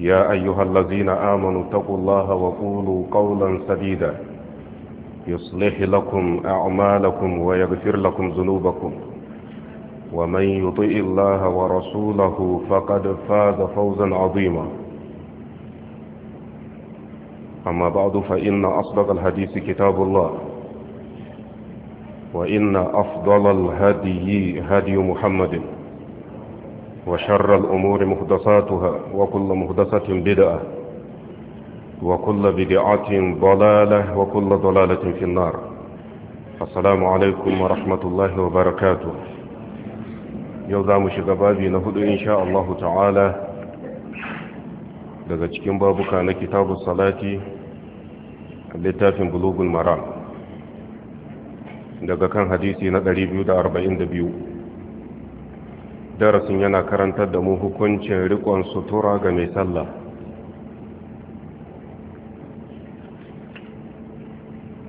يا أيها الذين آمنوا اتقوا الله وقولوا قولا سديدا يصلح لكم أعمالكم ويغفر لكم ذنوبكم ومن يطئ الله ورسوله فقد فاز فوزا عظيما أما بعد فإن أصدق الحديث كتاب الله وإن أفضل الهدي هدي محمد وشر الأمور مهدساتها وكل مهدسة بدعة وكل بدعة ضلالة وكل ضلالة في النار السلام عليكم ورحمة الله وبركاته يوزام شغبابي نهد إن شاء الله تعالى daga cikin babuka na kitabun salati littafin bulugul maram daga kan hadisi na 242 darasin yana karantar da mu hukuncin rikon sutura ga mai sallah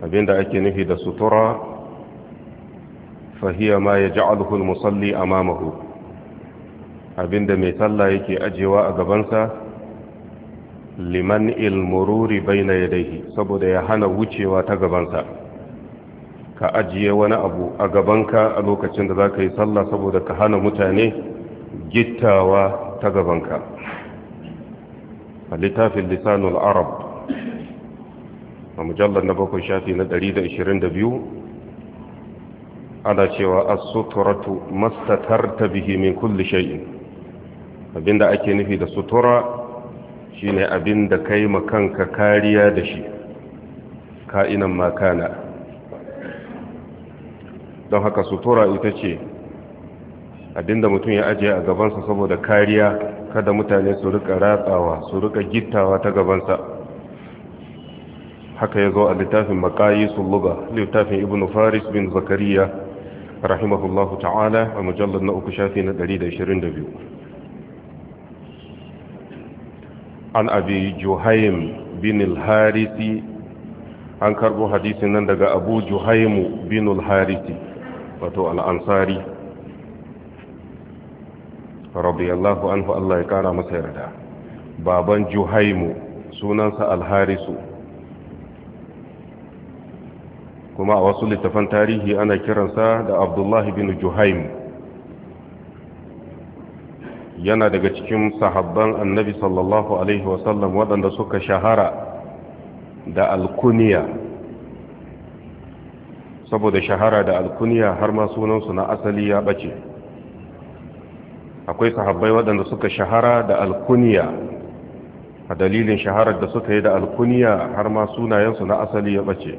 abinda ake nufi da sutura fahiya ma ya ja'alhu musalli mamahu abinda mai sallah yake ajewa a gabansa liman ilmururi bayna yadayhi saboda ya hana wucewa ta gabansa ka ajiye wani abu a gabanka a lokacin da za ka yi sallah saboda ka hana mutane gittawa ta gabanka a littafin lisanul arab a mujallar na bakwai shafi na 122 ana cewa asuturatu suturatu mastatarta bihi min kulli shay'in abinda ake nufi da sutura shine abinda kai makanka kariya da shi ka'inan makana don haka sutura ita ce abinda mutum ya ajiye a gabansa saboda kariya kada mutane su rika ratsawa su rika gittawa ta gabansa haka ya zo a littafin makayi suluga littafin ibn faris bin zakariya rahimahullahu ta'ala a mujallar na uku shafi na 122 an abi juhaim bin al-harisi an karbo hadisin nan daga abu juhaimu bin al-harisi wato al'ansari radiyallahu anhu Allah ya kara masa yarda baban juhaimu sunansa alharisu kuma a wasu littafan tarihi ana kiransa da abdullahi bin juhaimu yana daga cikin sahabban annabi sallallahu alaihi wasallam waɗanda suka shahara da alkuniya saboda shahara da alkuniya har ma sunansu na asali ya bace akwai sahabbai waɗanda suka shahara da alkuniya a dalilin shaharar da suka yi da alkuniya har ma sunayensu na asali ya bace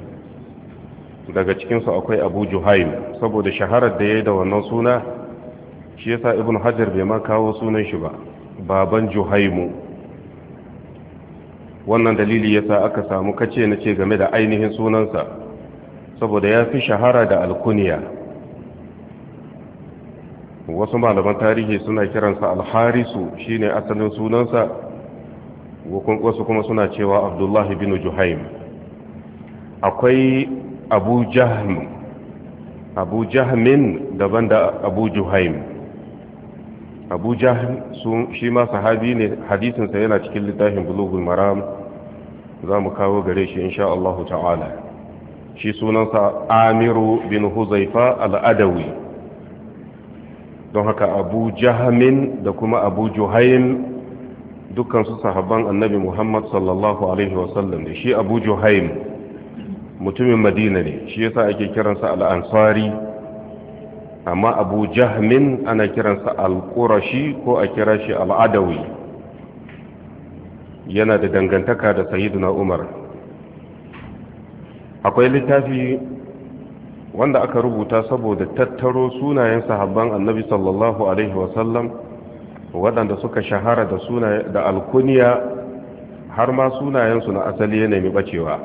daga cikinsu akwai abu juhaim saboda shaharar da ya yi da wannan suna shi ya sa ibn hajar bai ma kawo sunan shi ba baban juhaimu wannan dalili sa aka samu kace na ce game da ainihin sunansa saboda ya fi shahara da alkuniya wasu malaman tarihi suna kiransa alharisu shine asalin sunansa wasu kuma suna cewa abdullahi bin juhaim akwai abu jahm abu jahmin daban da abu juhaim abu jahm shi ma sahabi ne hadisinsa yana cikin littafin bulugul maram za mu kawo gare shi insha Allah ta'ala shi sunansa amiru bin huzaifa al'adawi don haka abu jahamin da kuma abu juhaim dukansu sahabban annabi muhammad sallallahu alaihi wasallam da shi abu mutumin madina ne shi yasa ake kiransa al'ansari amma abu jahmin ana kiransa al'urashi ko a kira shi al'adawi yana da dangantaka da sayiduna umar akwai littafi wanda aka rubuta saboda tattaro sunayen sahabban annabi sallallahu alaihi wasallam waɗanda suka shahara da da alkuniya har ma sunayensu na asali ya nemi bacewa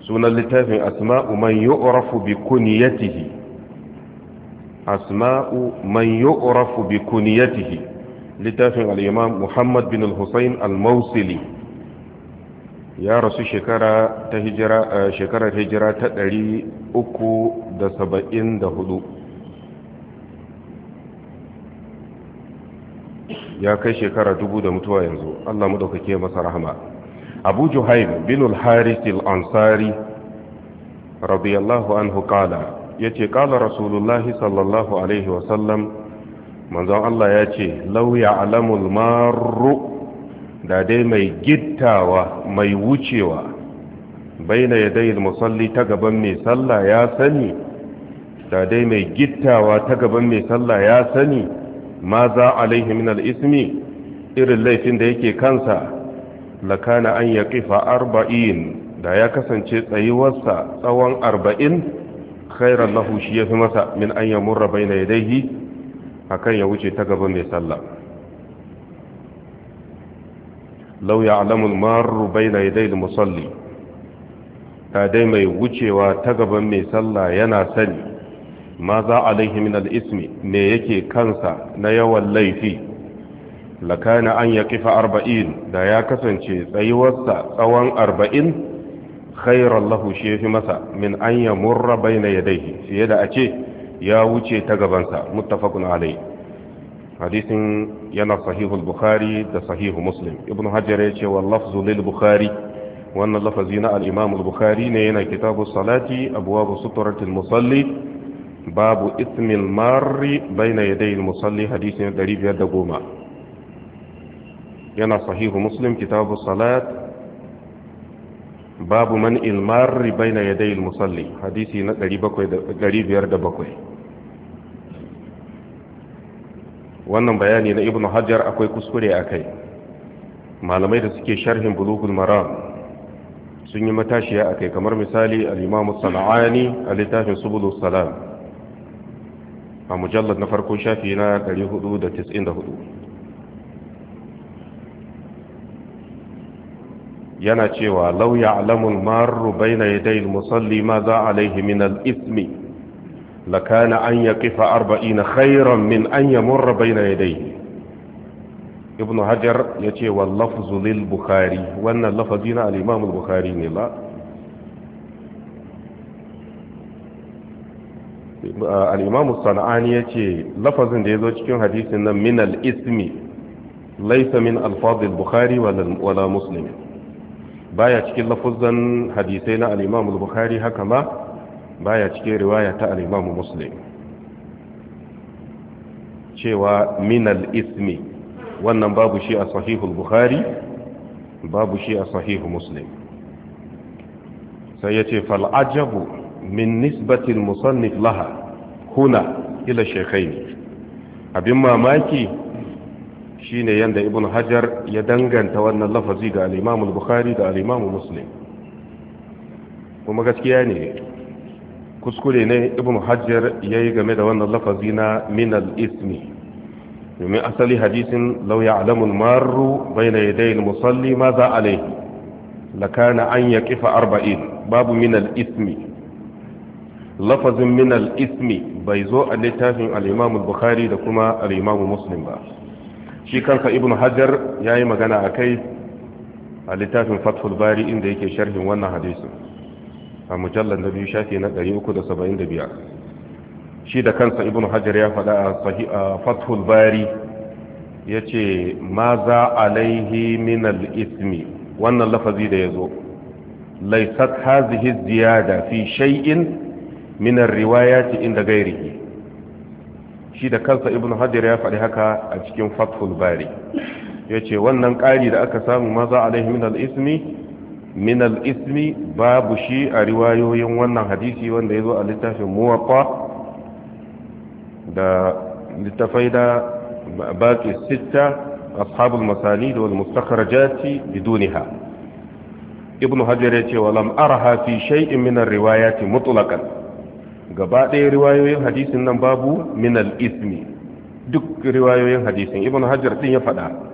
sunan littafin asma'u man yu'rafu bi kuniyatihi asma'u man yu'rafu bi kuniyatihi littafin al-imam Muhammad bin al-Husayn al-Mawsili ya rasu shekara ta hijira eh, shekara ta hijira ta 374 ya kai shekara dubu da mutuwa yanzu Allah madaukake masa rahama Abu Juhaym bin al-Harith al-Ansari radiyallahu anhu qala yace qala Rasulullah sallallahu alaihi wa sallam manzo Allah yace law ya'lamul marru da dai mai gittawa mai wucewa ya yadayil musalli ta gaban mai sallah ya sani da dai mai gittawa ta gaban mai sallah ya sani ma za alaihi min al-ismi irin laifin da yake kansa lakana an ya kifa arba'in da ya kasance tsayuwarsa tsawon arba'in khairar lahu shi ya fi masa min an yamurra bai na yadaihi a kan ya wuce ta gaba mai sallah lau ya alamun maru bai na idai da musalli ta dai mai wucewa ta gaban mai sallah yana sani ma za a ismi al'ismi ne yake kansa na yawan laifi lakana an ya kifa arba'in da ya kasance tsayuwarsa tsawon arba'in khairar lahu shi ya fi masa min an ya murra bai na yadaihi fiye da a ce ya wuce ta gabansa muttafaqun alai hadisin yana sahihul bukhari da sahihu muslim ibn hajar ya ce wa lafzu lil bukhari wannan lafazi na al bukhari ne yana kitabu salati abwabu suturatil musalli babu ismin marri baina yaday al-musalli hadisin 510 yana sahihu muslim kitabu salat babu man il bai na yadda al-musalli hadisi na 707 wannan bayani na ibn hajar akwai kuskure a kai malamai da suke sharhin bulugul maram sun yi matashiya a kai kamar misali al'imamu sana'ani a littafin subulu salam a mujallar na farko shafi na 494 yana cewa lauya alamun maru bai na yadda musalli ma za a laihimin al'ismi lakana an ya kifa arba'ina khairan min an ya murra bayna yadayhi ibnu hajar ya ce wa lafzu lil bukhari wannan lafazi na al bukhari ne la al-imam sana'ani ya ce lafazin da ya zo cikin hadisin nan min ismi laysa min bukhari wala muslim baya cikin lafazan hadisai na al bukhari haka ma baya cikin riwaya ta al-Imam Muslim cewa Minal ismi wannan babu shi a sahihul Bukhari babu shi a sahihu Muslim sai yace fal ajabu min nisbati musannif laha huna ila shaykhaini abin mamaki shine yanda ibn hajar ya danganta wannan lafazi ga al bukhari da al-imam muslim kuma gaskiya ne kuskure ne ibn hajjar ya yi game da wannan lafazi na minal ismi domin asali hadisin lauya alamun maru bai na yadda musalli ma za a laihi lakana an ya kifa arba'in babu minal ismi lafazin minal ismi bai zo a littafin al'imamun bukhari da kuma al'imamun muslim ba shi kanka ibn hajjar ya yi magana a kai a littafin fathul bari inda yake sharhin wannan hadisin a mujallar da biyu shafi na 375 shi da kansa ibn hajar ya faɗa a fathul bari ya ce ma za alaihi minal ismi wannan lafazi da ya zo laisat hazihi ziyada fi shay'in minar riwayati inda gairihi shi da kansa ibn hajar ya faɗi haka a cikin fathul bari ya ce wannan ƙari da aka samu maza za alaihi minal ismi min ismi babu shi a riwayoyin wannan hadisi wanda ya zo a littafin muwatta da littafai da baki sitta ashabul masani da mustakharajati biduniha ibnu hajar ya ce wa lam araha fi shay'in min ar-riwayati mutlaqan gaba ɗaya riwayoyin hadisin nan babu min ismi duk riwayoyin hadisin ibnu hajar din ya faɗa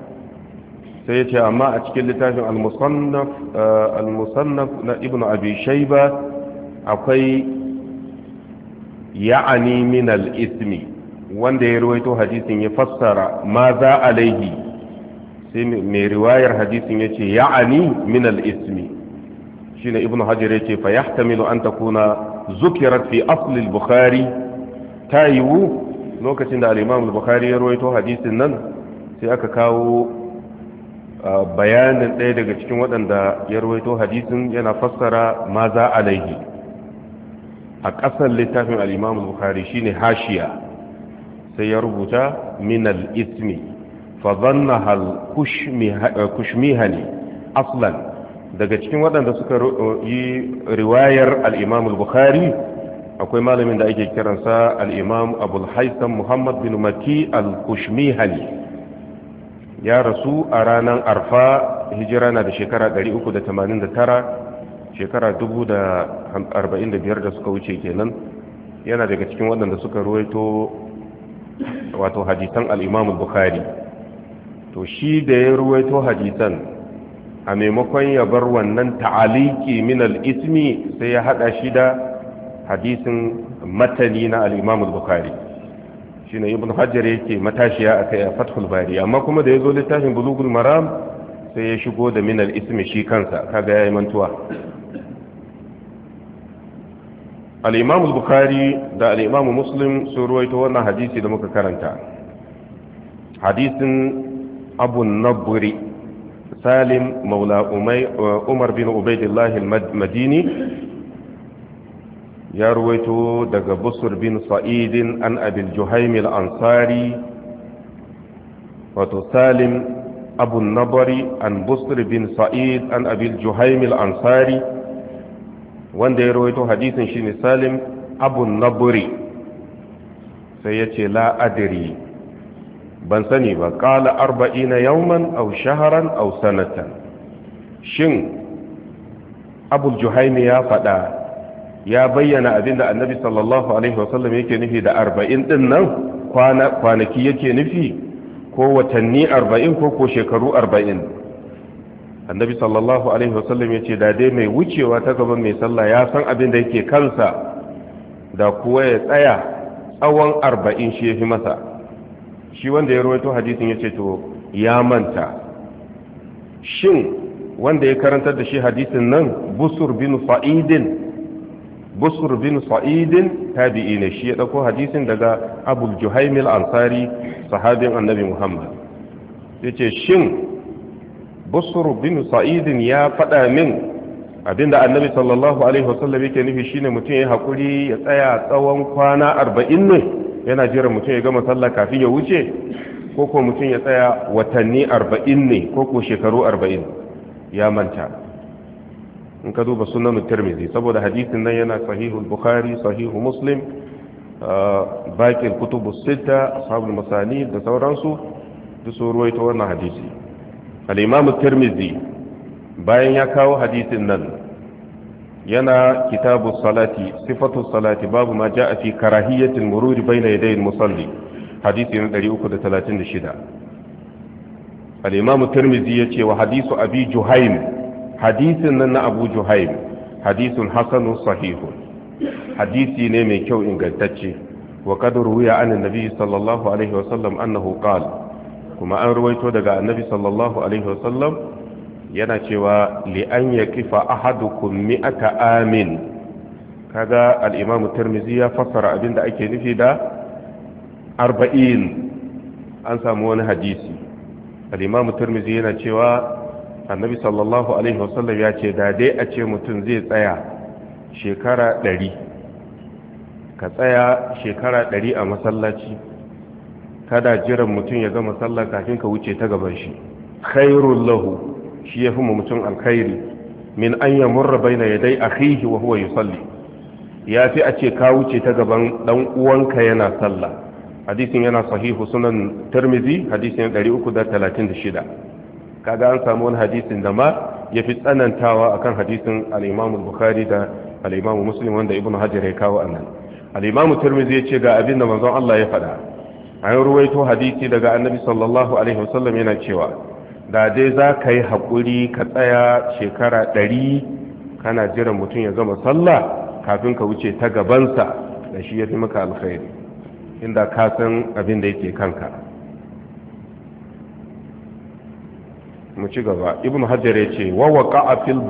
sai ya ce amma a cikin littafin al-musannaf eh, na ibn abi akwai ya'ani min al-ismi wanda ya ruwaito hadisin ya fassara ma za alaihi sai mai riwayar hadisin ya ce ya'ani min al-ismi shine ibn hajar ya ce fa yahtamilu ta kuna zukirar fi asli bukhari ta yiwu lokacin da al-imam al-bukhari ya ruwaito hadisin nan sai aka kawo bayanin ɗaya daga cikin waɗanda ya rawaito hadisin yana fassara ma za a laihi a ƙasar littafin al'imamu shi shine hashiya sai ya rubuta minal ismi fazanna hal eh, kushmiha ne aslan daga cikin waɗanda suka yi riwayar al'imamu bukari akwai malamin da ake kiransa al'imam abulhaisan muhammad bin maki al-kushmihani ya rasu a ranar arfa hijira na da shekara 389 shekara 1045 da suka wuce kenan yana daga cikin waɗanda suka ruwaito wato hadisan al'imamu bukhari to shi da ya ruwaito hadisan a maimakon ya bar wannan ta'aliki min ismi sai ya haɗa shi da hadisin matani na al'imamu bukhari shine ibn hajar yake matashiya a kai a fathul bari amma kuma da ya zo littafin bulugul maram sai ya shigo da minal ismi shi kansa kaga yayi mantuwa al-imam bukhari da al-imam muslim sun ruwaito wannan hadisi da muka karanta hadisin abu nabri salim maula umar bin ubaidillah al-madini ya ruwaito daga busur bin sa'idin an abil juhaimil ansari wato salim abu nabari an busur bin sa'id an abil juhaimil ansari wanda ya ruwaito hadisin shine salim abu nabari sai ya ce la'adiri ban sani ba ƙala arba'ina yauman au shaharan au sanatan shin Abul juhaimi ya faɗa ya bayyana abin da annabi sallallahu alaihi wasallam yake nufi da arba'in din nan kwanaki yake nufi ko watanni arba'in ko ko shekaru arba'in annabi sallallahu alaihi wasallam ya ce da dai mai wucewa ta gaban mai sallah ya san abin da yake kansa da kuwa ya tsaya tsawon arba'in shi ya masa shi wanda ya rawaito hadisin ya ce to ya manta shin wanda ya karantar da shi hadisin nan busur bin fa'idin busur bin sa'idin tabi'i ne shi ya ɗauko hadisin daga abul juhaimil ansari sahabin annabi muhammad ya shin busur bin sa'idin ya faɗa min abinda annabi sallallahu alaihi wasallam yake nufi shine mutum ya hakuri ya tsaya tsawon kwana arba'in ne yana jiran mutum ya gama sallah kafin ya wuce ko ko mutum ya tsaya watanni arba'in ne ko ko shekaru arba'in ya manta in ka duba sunan tirmidhi saboda hadisin nan yana sahihu bukhari sahihu muslim uh, baqi kutubu sita ashabul masani da sauransu duk sun ruwaito wannan hadisi al-imam tirmidhi bayan ya kawo hadisin nan yana kitabu salati sifatu salati babu ma ja'a fi karahiyatil mururi bayna yaday al-musalli hadisi na 336 al-imam tirmidhi yace wa hadisu abi juhaym hadisin nan na abu juhaim hadisun hasanu sahihu hadisi ne mai kyau ingantacce wa kad ruwiya an annabi sallallahu alaihi wasallam annahu qala kuma an ruwaito daga annabi sallallahu alaihi wasallam yana cewa li an yaqifa ahadukum mi'ata amin kaga al-imam tirmidhi ya fassara abinda ake nufi da 40 an samu wani hadisi al-imam tirmidhi yana cewa annabi sallallahu alaihi wasallam ya ce da dai a ce mutum zai tsaya shekara ɗari ka tsaya shekara ɗari a masallaci kada jiran mutum ya gama sallah kafin ka wuce ta gaban shi khairul lahu shi ya fi mutum alkhairi min an ya murra ya dai akhihi wa huwa yusalli ya fi a ce ka wuce ta gaban dan uwanka yana sallah hadisin yana sahihu sunan tirmidhi hadisin 336 kaga an samu wani hadisin da ma ya fi tsanantawa akan hadisin al'imamu da al'imamu Muslim wanda Ibn hajjar ya kawo annan al'imamu imam ya ce ga abin da manzon Allah ya faɗa yin ruwaito hadisi daga Annabi sallallahu alaihi wasallam yana cewa da dai za ka yi haƙuri ka tsaya shekara ɗari kana jiran mutum ya zama sallah kafin ka wuce ta gabansa da shi ya fi maka alkhairi inda ka san abin da yake kanka mu ci gaba ibn hajar ya ce wa waqa'a fil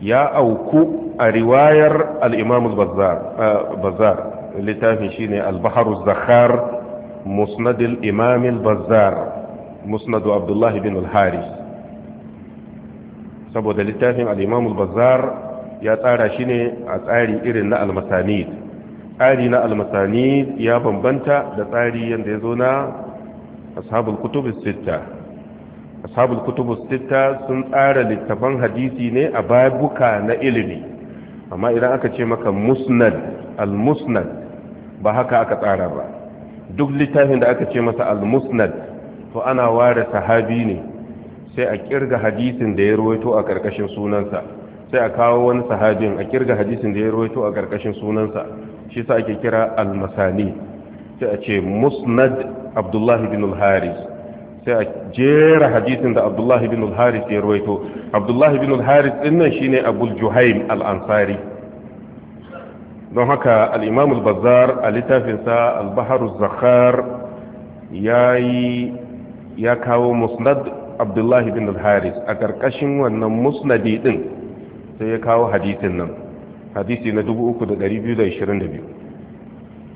ya auku a riwayar al eh, bazar littafin shine al-bahr az-zakhar musnad imam al abdullah bin al-haris saboda littafin al-imam ya tsara shi ne a tsari irin na al-masanid tsari na al-masanid ya bambanta da tsari yanda ya zo na ashabul kutub sita ashabul kutub sita sun tsara littafan hadisi ne a babuka na ilimi amma idan aka ce maka musnad al-musnad ba haka aka tsara ba duk littafin da aka ce masa al-musnad to ana ware sahabi ne sai a kirga hadisin da ya ruwaito a karkashin sunansa sai a kawo wani sahabin a kirga hadisin da ya ruwaito a karkashin sunansa shi sa ake kira al-masani sai a ce musnad abdullahi bin al-haris sai a jera hadisin da abdullahi bin al-haris ya ruwaito abdullahi bin al-haris din nan shine abul juhaim al-ansari don haka al-imam al-bazzar a littafinsa al-bahar az-zakhar yayi ya kawo musnad abdullahi bin al-haris a karkashin wannan musnadi din sai ya kawo hadisin nan hadisi na 3222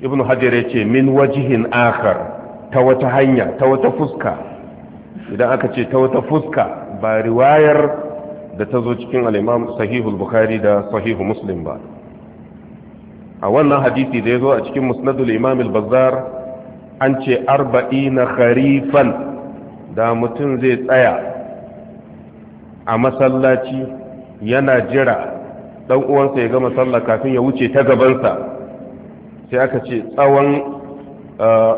ibn hajar ya ce min wajihin akhar ta wata hanya ta wata fuska idan aka ce ta wata fuska ba riwayar da ta zo cikin al'imam sahihul bukhari da sahihu muslim ba a wannan hadisi da ya zo a cikin musnadul imam al-bazzar an ce arba'ina kharifan da mutum zai tsaya a masallaci yana jira dan uwansa ya gama sallah kafin ya wuce ta gabansa sai aka ce uh,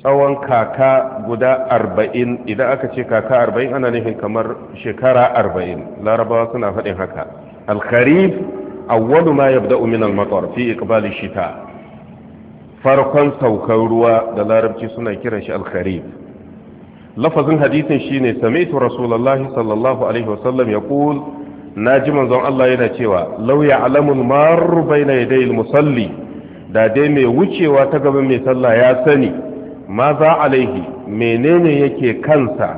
tsawon kaka guda arba'in idan aka ce kaka arba'in ana nufin kamar shekara arba'in larabawa suna faɗin haka alkharif awwalu ma yabda min al-matar fi iqbali shita farkon saukan ruwa da larabci suna kiran shi alkharif lafazin hadisin shine sami'tu rasulullahi sallallahu alaihi wasallam yaqul na ji manzon Allah yana cewa lauya alamun maru bai na yadda musalli da dai mai wucewa ta gaban mai sallah ya sani ma za alaihi menene yake kansa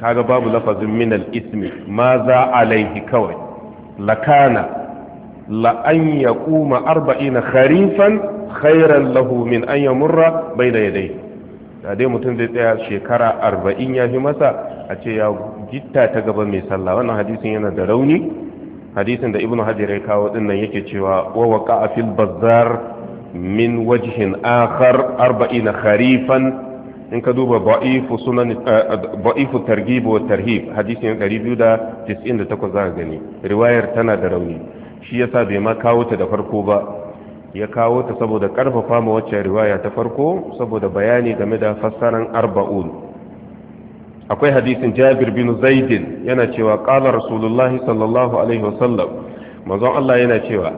kaga babu lafazin minal ismi ma za alaihi kawai lakana la'anya ya kuma arba'ina kharifan khairan lahu min an yamurra bai da yadda da dai mutum zai tsaya shekara arba'in ya fi masa a ce ya gitta ta gaba mai sallah wannan hadisin yana da rauni hadisin da ibnu hajar ya kawo ɗinnan yake cewa wa waqa fil bazzar min wajhin akhar 40 kharifan in ka duba da'ifu sunan eh, da'ifu targhib wa tarhib hadisin 298 za gani riwayar tana da rauni shi yasa bai ma kawo ta da farko ba ya kawo ta saboda karfafa ma wacce riwaya ta farko saboda bayani game da fassaran arba'un akwai hadisin jabir bin zaidin yana cewa ƙala rasulullahi sallallahu alaihi wasallam manzon Allah yana cewa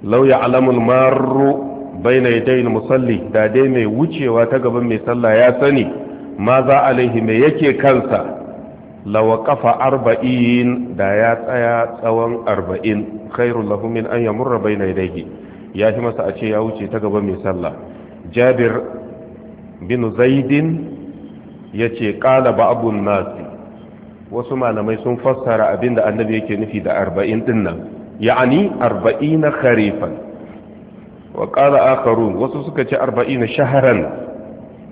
lauya alamul maru bai na yadayin musalli da dai mai wucewa ta gaban mai sallah ya sani ma za alaihi mai yake kansa lawa kafa arba'in da ya tsaya tsawon arba'in khairun lahu min an yamurra bai na yadayi ya fi masa a ce ya wuce ta gaban mai sallah jabir bin zaidin ya ce ƙala abun nasi wasu malamai sun fassara abinda annabi yake nufi da arba'in dinnan ya'ani arba'in na kharifan wa ƙala akarun wasu suka ce arba'in na shaharan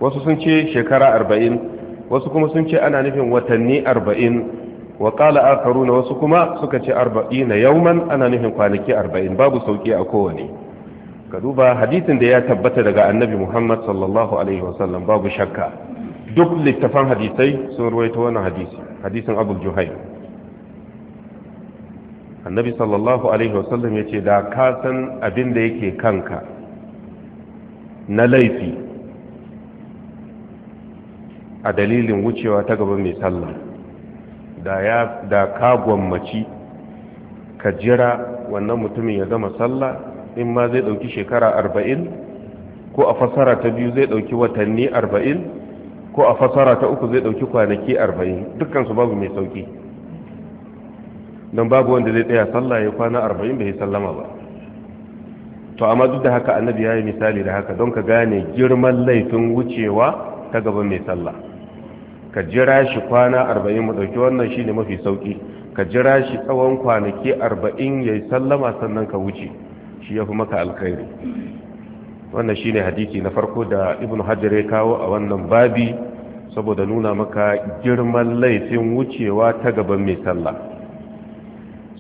wasu sun ce shekara arba'in wasu kuma sun ce ana nufin watanni arba'in wa ƙala akarun wasu kuma suka ce arba'in na yauman ana nufin kwanaki arba'in babu sauƙi a kowane ka duba hadisin da ya tabbata daga annabi muhammad sallallahu alaihi wasallam babu shakka duk littafan hadisai sun ruwaito wannan hadisi hadisin abu juhai annabi sallallahu alaihi wasallam ya ce da ka san abin da yake kanka na laifi a dalilin wucewa ta gaba mai sallah da ka gwammaci ka jira wannan mutumin ya gama sallah in ma zai dauki shekara arba'in ko a fasara ta biyu zai dauki watanni arba'in ko a fasara ta uku zai ɗauki kwanaki arba'in su babu mai sauki don babu wanda zai tsaya sallah ya kwana arba'in bai sallama ba to amma duk da haka annabi ya yi misali da haka don ka gane girman laifin wucewa ta gaba mai sallah ka jira shi kwana arba'in mu ɗauki wannan shi ne mafi sauki ka jira shi tsawon kwanaki arba'in ya yi sallama sannan ka wuce shi ya fi maka alkhairi wannan shine hadisi na farko da ibn hajar ya kawo a wannan babi saboda nuna maka girman laifin wucewa ta gaban mai sallah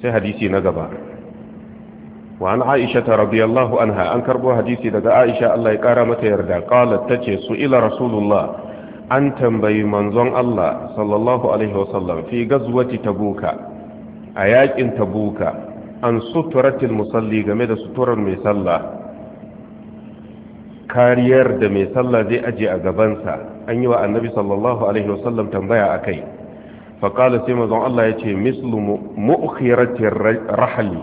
sai hadisi na gaba wa an aisha ta radiyallahu anha an karbo hadisi daga aisha Allah ya kara mata yarda qalat tace su ila rasulullah an tambayi manzon Allah sallallahu alaihi wasallam fi gazwati tabuka a yakin tabuka an suturatil musalli game da suturar mai sallah kariyar da mai sallah zai aje a gabansa an yi wa annabi sallallahu alaihi wasallam tambaya a kai faƙala sai mazan Allah ya ce mislu mu'ukhiratin rahali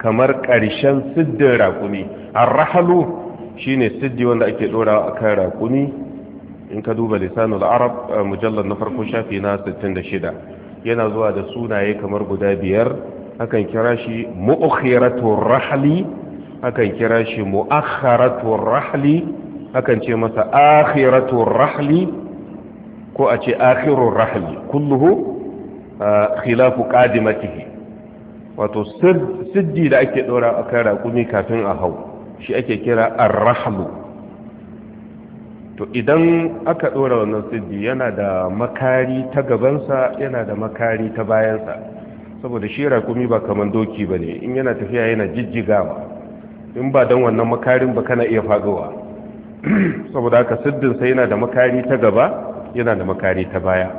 kamar ƙarshen siddin raƙumi a rahalu shi ne siddi wanda ake ɗora a kan raƙumi in ka duba lisanul arab mujallar na farko shafi na 66 yana zuwa da sunaye kamar guda biyar akan kira shi mu'ukhiratun rahali akan kira shi mu'akharatur rahli akan ce masa akhiratur rahli ko a ce akhirur rahli kulluhu khilafu qadimatihi wato siddi da ake dora a kan raƙumi kafin a hau shi ake kira arrahlu to idan aka dora wannan siddi yana da makari ta gabansa yana da makari ta bayansa saboda shi raƙumi ba kaman doki ba ne in yana tafiya yana jijjigawa in ba don wannan makarin ba kana iya fagowa saboda haka siddinsa yana da makari ta gaba yana da makari ta baya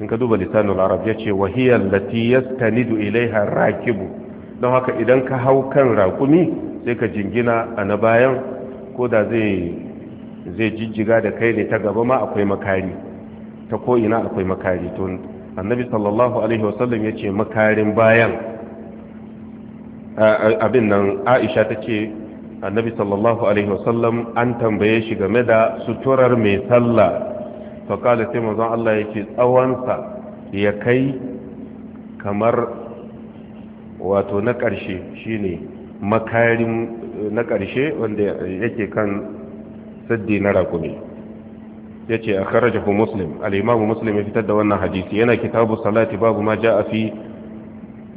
in ka duba lisanin arab ya ce wahiyar lati yastanidu ilaiha rakibu don haka idan ka hau kan rakumi sai ka jingina a na bayan ko da zai zai jijjiga da kai ne ta gaba ma akwai makari ta ko ina akwai makari to annabi sallallahu alaihi wasallam ya ce makarin bayan abin nan aisha ta ce annabi sallallahu alaihi wasallam an tambaye shi game da suturar mai sallah to kada sai manzon Allah yake tsawonsa ya kai kamar wato na ƙarshe shine makarin na ƙarshe wanda yake kan saddi na rakumi ya ce a kharajahu muslim al-imamu muslim ya fitar da wannan hadisi yana kitabu salati babu ma ja'a fi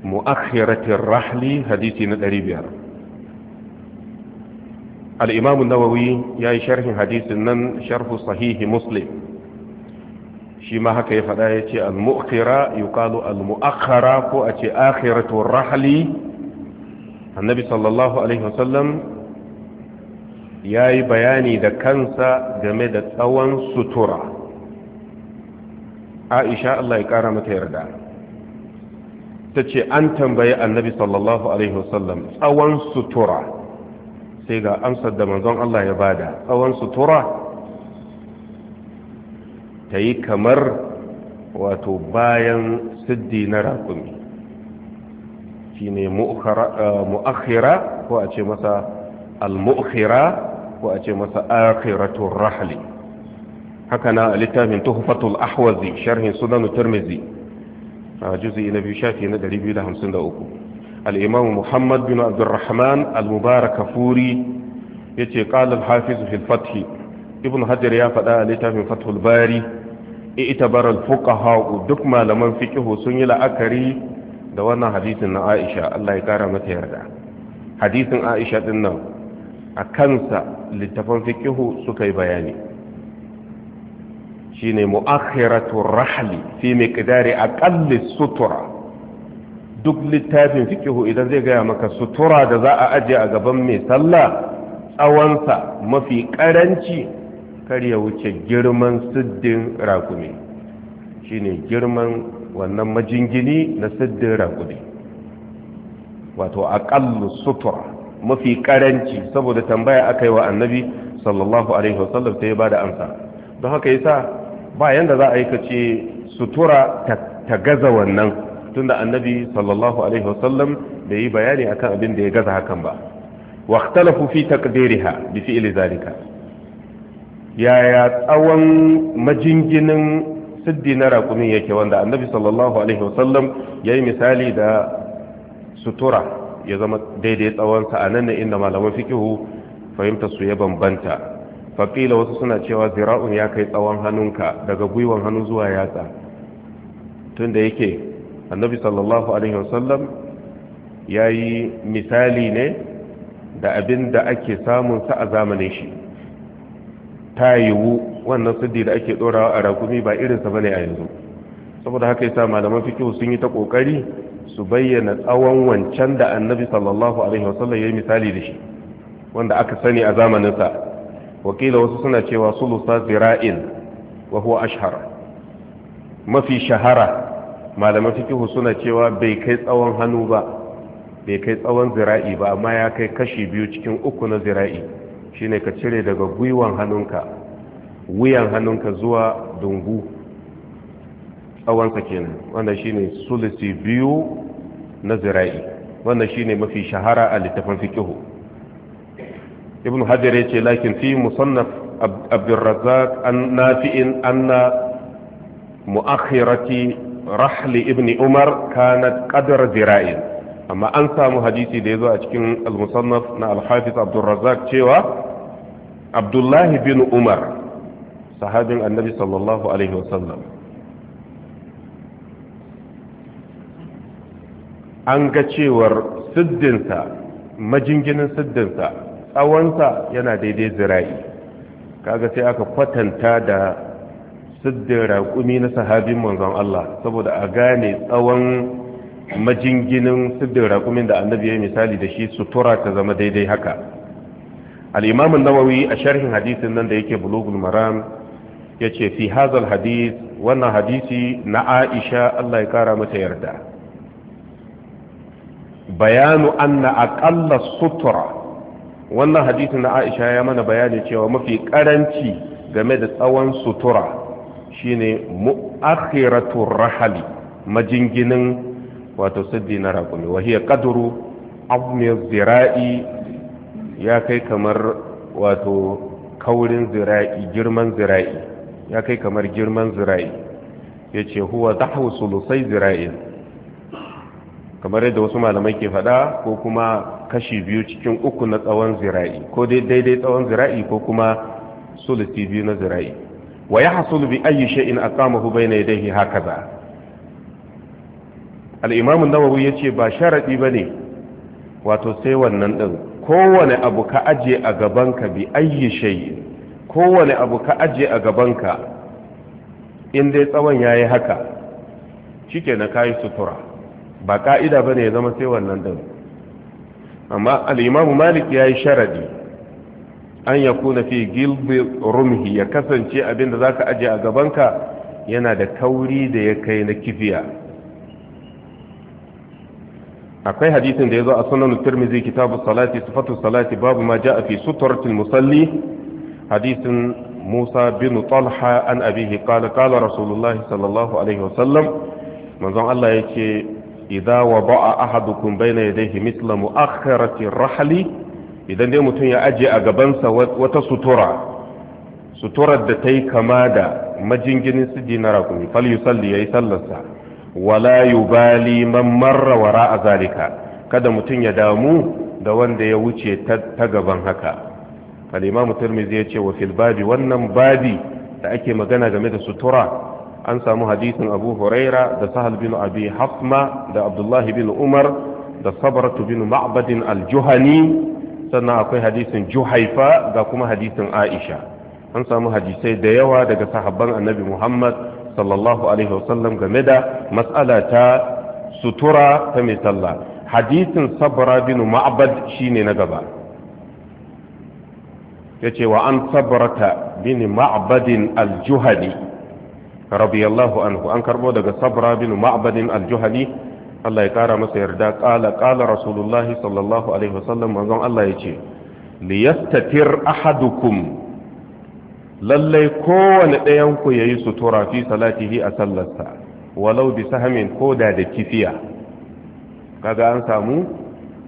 mu'akhiratir rahli hadisi na 500 al-imam an-nawawi yayi sharhin hadisin nan sharhu sahihi muslim shi ma haka ya faɗa ya ce al-mu'khira yuqalu al-mu'akhara ko a ce akhiratur rahli annabi sallallahu alaihi wasallam yayi bayani da kansa game da tsawon sutura Aisha Allah ya kara mata yarda ta ce an tambayi annabi sallallahu alaihi wasallam tsawon sutura sai ga amsar da manzon Allah ya bada tsawon sutura ta yi kamar wato bayan siddi na raƙumi shi ne eh, mu'akhira ko a ce masa al-mu'akhira ko a ce masa akhiratun rahali haka na a littafin tuhufatul ahwazi sharhin sunanu tirmizi a juzi na biyu shafi na 253 al'imamu muhammad bin abdurrahman al-mubarak ya ce ƙalar hafizu filfathi ibn hajjar ya faɗa a littafin fathul bari itabar al-fuqaha duk malaman fikihu sun yi la'akari da wannan hadisin na Aisha Allah ya kara mata yarda hadisin Aisha din nan a kansa littafan fiqh suka yi bayani shine mu'akhiratu rahli fi miqdari aqalli sutura duk littafin fikihu idan zai gaya maka sutura da za a ajiye a gaban mai sallah tsawonsa mafi karanci kar ya wuce girman siddin rakumi shine girman wannan majingini na siddin rakumi wato aqallu sutura mafi karanci saboda tambaya aka yi wa annabi sallallahu alaihi wasallam sai ya bada amsa don haka yasa ba yanda za a yi ka ce sutura ta gaza wannan tunda annabi sallallahu alaihi wasallam bai yi bayani akan abin da ya gaza hakan ba واختلفوا في تقديرها بفعل ذلك يا يا tsawon majinginin siddi na rakumin yake wanda annabi sallallahu alaihi wasallam ya yi misali da sutura ya zama daidai tsawonsa a nan inda malaman fikihu fahimtar su ya bambanta faƙila wasu suna cewa zira'un ya kai tsawon hannunka daga gwiwan hannu zuwa yatsa tun da yake annabi sallallahu alaihi wasallam ya yi misali ne da abin da ake sa a zamanin shi ta yiwu wannan sirri da ake ɗorawa a rakumi ba irinsa ba ne a yanzu saboda haka yasa malaman fikihu sun yi ta ƙoƙari su bayyana tsawon wancan da annabi sallallahu alaihi wasallam ya yi misali da shi wanda aka sani a zamaninsa wakila wasu suna cewa sulusa zira'in wa huwa ashhar mafi shahara malaman fikihu suna cewa bai kai tsawon hannu ba bai kai tsawon zira'i ba amma ya kai kashi biyu cikin uku na zira'i shine ka cire daga gwiwan hannunka wuyan hannunka zuwa dungu tsawonsa kenan wannan shine sulusi biyu na zira'i wannan shine mafi shahara a littafin fikihu ibn hajar ya ce lakin fi musannaf abdurrazzaq an nafi'in anna mu'akhirati rahli ibn umar kanat qadar zira'in amma an samu hadisi da ya a cikin al-musannaf na al-hafiz abdurrazzaq cewa abdullahi bin umar sahabin annabi sallallahu alaihi wasallam an ga cewar siddinsa majinginin siddinsa tsawonsa yana daidai zira'i kaga sai aka kwatanta da siddin raƙumi na sahabin manzon Allah saboda a gane tsawon majinginin siddin raƙumin da annabi ya yi misali da shi sutura ta zama daidai haka al-imam an-nawawi a sharhin hadisin nan da yake bulughul maram yace fi hazal hadis wannan hadisi na Aisha Allah ya kara mata yarda bayanu anna aqalla sutura wannan hadisin na aisha ya mana bayani cewa mafi karanci game da tsawon sutura shine mu'akhiratu rahali majinginin wato siddi na raƙumi hiya qadru abmir zira'i ya kai kamar wato kaurin zira'i girman zira'i ya kai kamar girman zira'i ya ce huwa dahu sulusai zira'in kamar yadda wasu malamai ke faɗa ko kuma kashi biyu cikin uku na tsawon zira'i ko dai daidai tsawon zira'i ko kuma sulusi biyu na zira'i wa ya hasulu bi a shay'in aqamahu bayna yadayhi hakaza al-imam an-nawawi yace ba sharadi bane wato sai wannan din kowane abu ka aje a gabanka bi ayi shay'in kowane abu ka aje a gabanka in dai tsawon yayi haka shikenan kai sutura ba ka'ida bane ya zama sai wannan din amma al'imamu malik ya yi sharadi an ya kuna fi gilbi rumhi ya kasance abin da za ka ajiye a gabanka yana da kauri da ya kai na kifiya akwai hadisin da ya zo a sunan turmizi kitabu salati sifatu salati babu ma ja a fi suturatul musalli hadisin musa bin talha an abihi kala kala rasulullahi sallallahu alaihi wasallam manzon allah ya ce idza wada'a ahadukum bayna yadayhi mithla mu'akhkharati rahli idan dai mutum ya aje a gabansa wata sutura suturar da ta yi kama da majinginin siji na rakumi fal yusalli yayi sallarsa wala yubali man marra wara a zalika kada mutum ya damu da wanda ya wuce ta gaban haka al-imam tirmidhi ya ce wa fil babi wannan babi da ake magana game da sutura an samu hadisin abu huraira da sahal bin abi hasma da abdullahi bin umar da sabaratu bin ma'badin aljuhani sannan akwai hadisin juhaifa ga kuma hadisin aisha an samu hadisai da yawa daga sahabban annabi muhammad sallallahu alaihi wasallam game da matsala ta sutura ta mai sallah hadisin sabra bin ma'bad shine na gaba yace wa an sabrata bin ma'badin aljuhani. radiyallahu anhu an karbo daga sabrabin bin ma'badin al-juhani Allah ya kara masa yarda qala qala rasulullahi sallallahu alaihi wasallam manzon Allah yace liyastatir ahadukum lallai kowane ɗayan ku yayi sutura fi salatihi a sallarsa walau bi sahamin koda da kifiya kaga an samu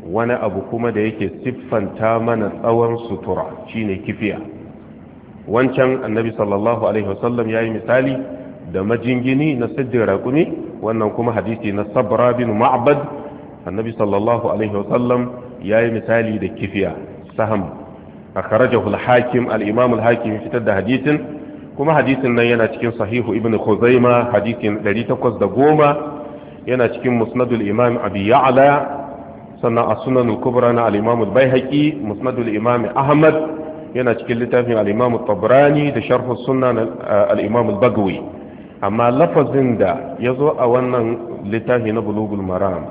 wani abu kuma da yake siffanta mana tsawon sutura shine kifiya wancan annabi sallallahu alaihi wasallam yayi misali da majingini na sajjin raƙumi wannan kuma hadisi na sabra bin ma'bad annabi sallallahu alaihi sallam ya yi misali da kifiya saham a kharajahul hakim al hakimi al-hakim fitar da hadisin kuma hadisin nan yana cikin sahihu ibn khuzaima hadisin 810 yana cikin musnadul imam abi ya'la sannan a sunan kubra na al al-baihaqi musnadul imam ahmad yana cikin littafin al-imam tabrani da sharh sunna eh, al-imam al-bagawi amma lafazin da ya zo a wannan littafi na bulugul maram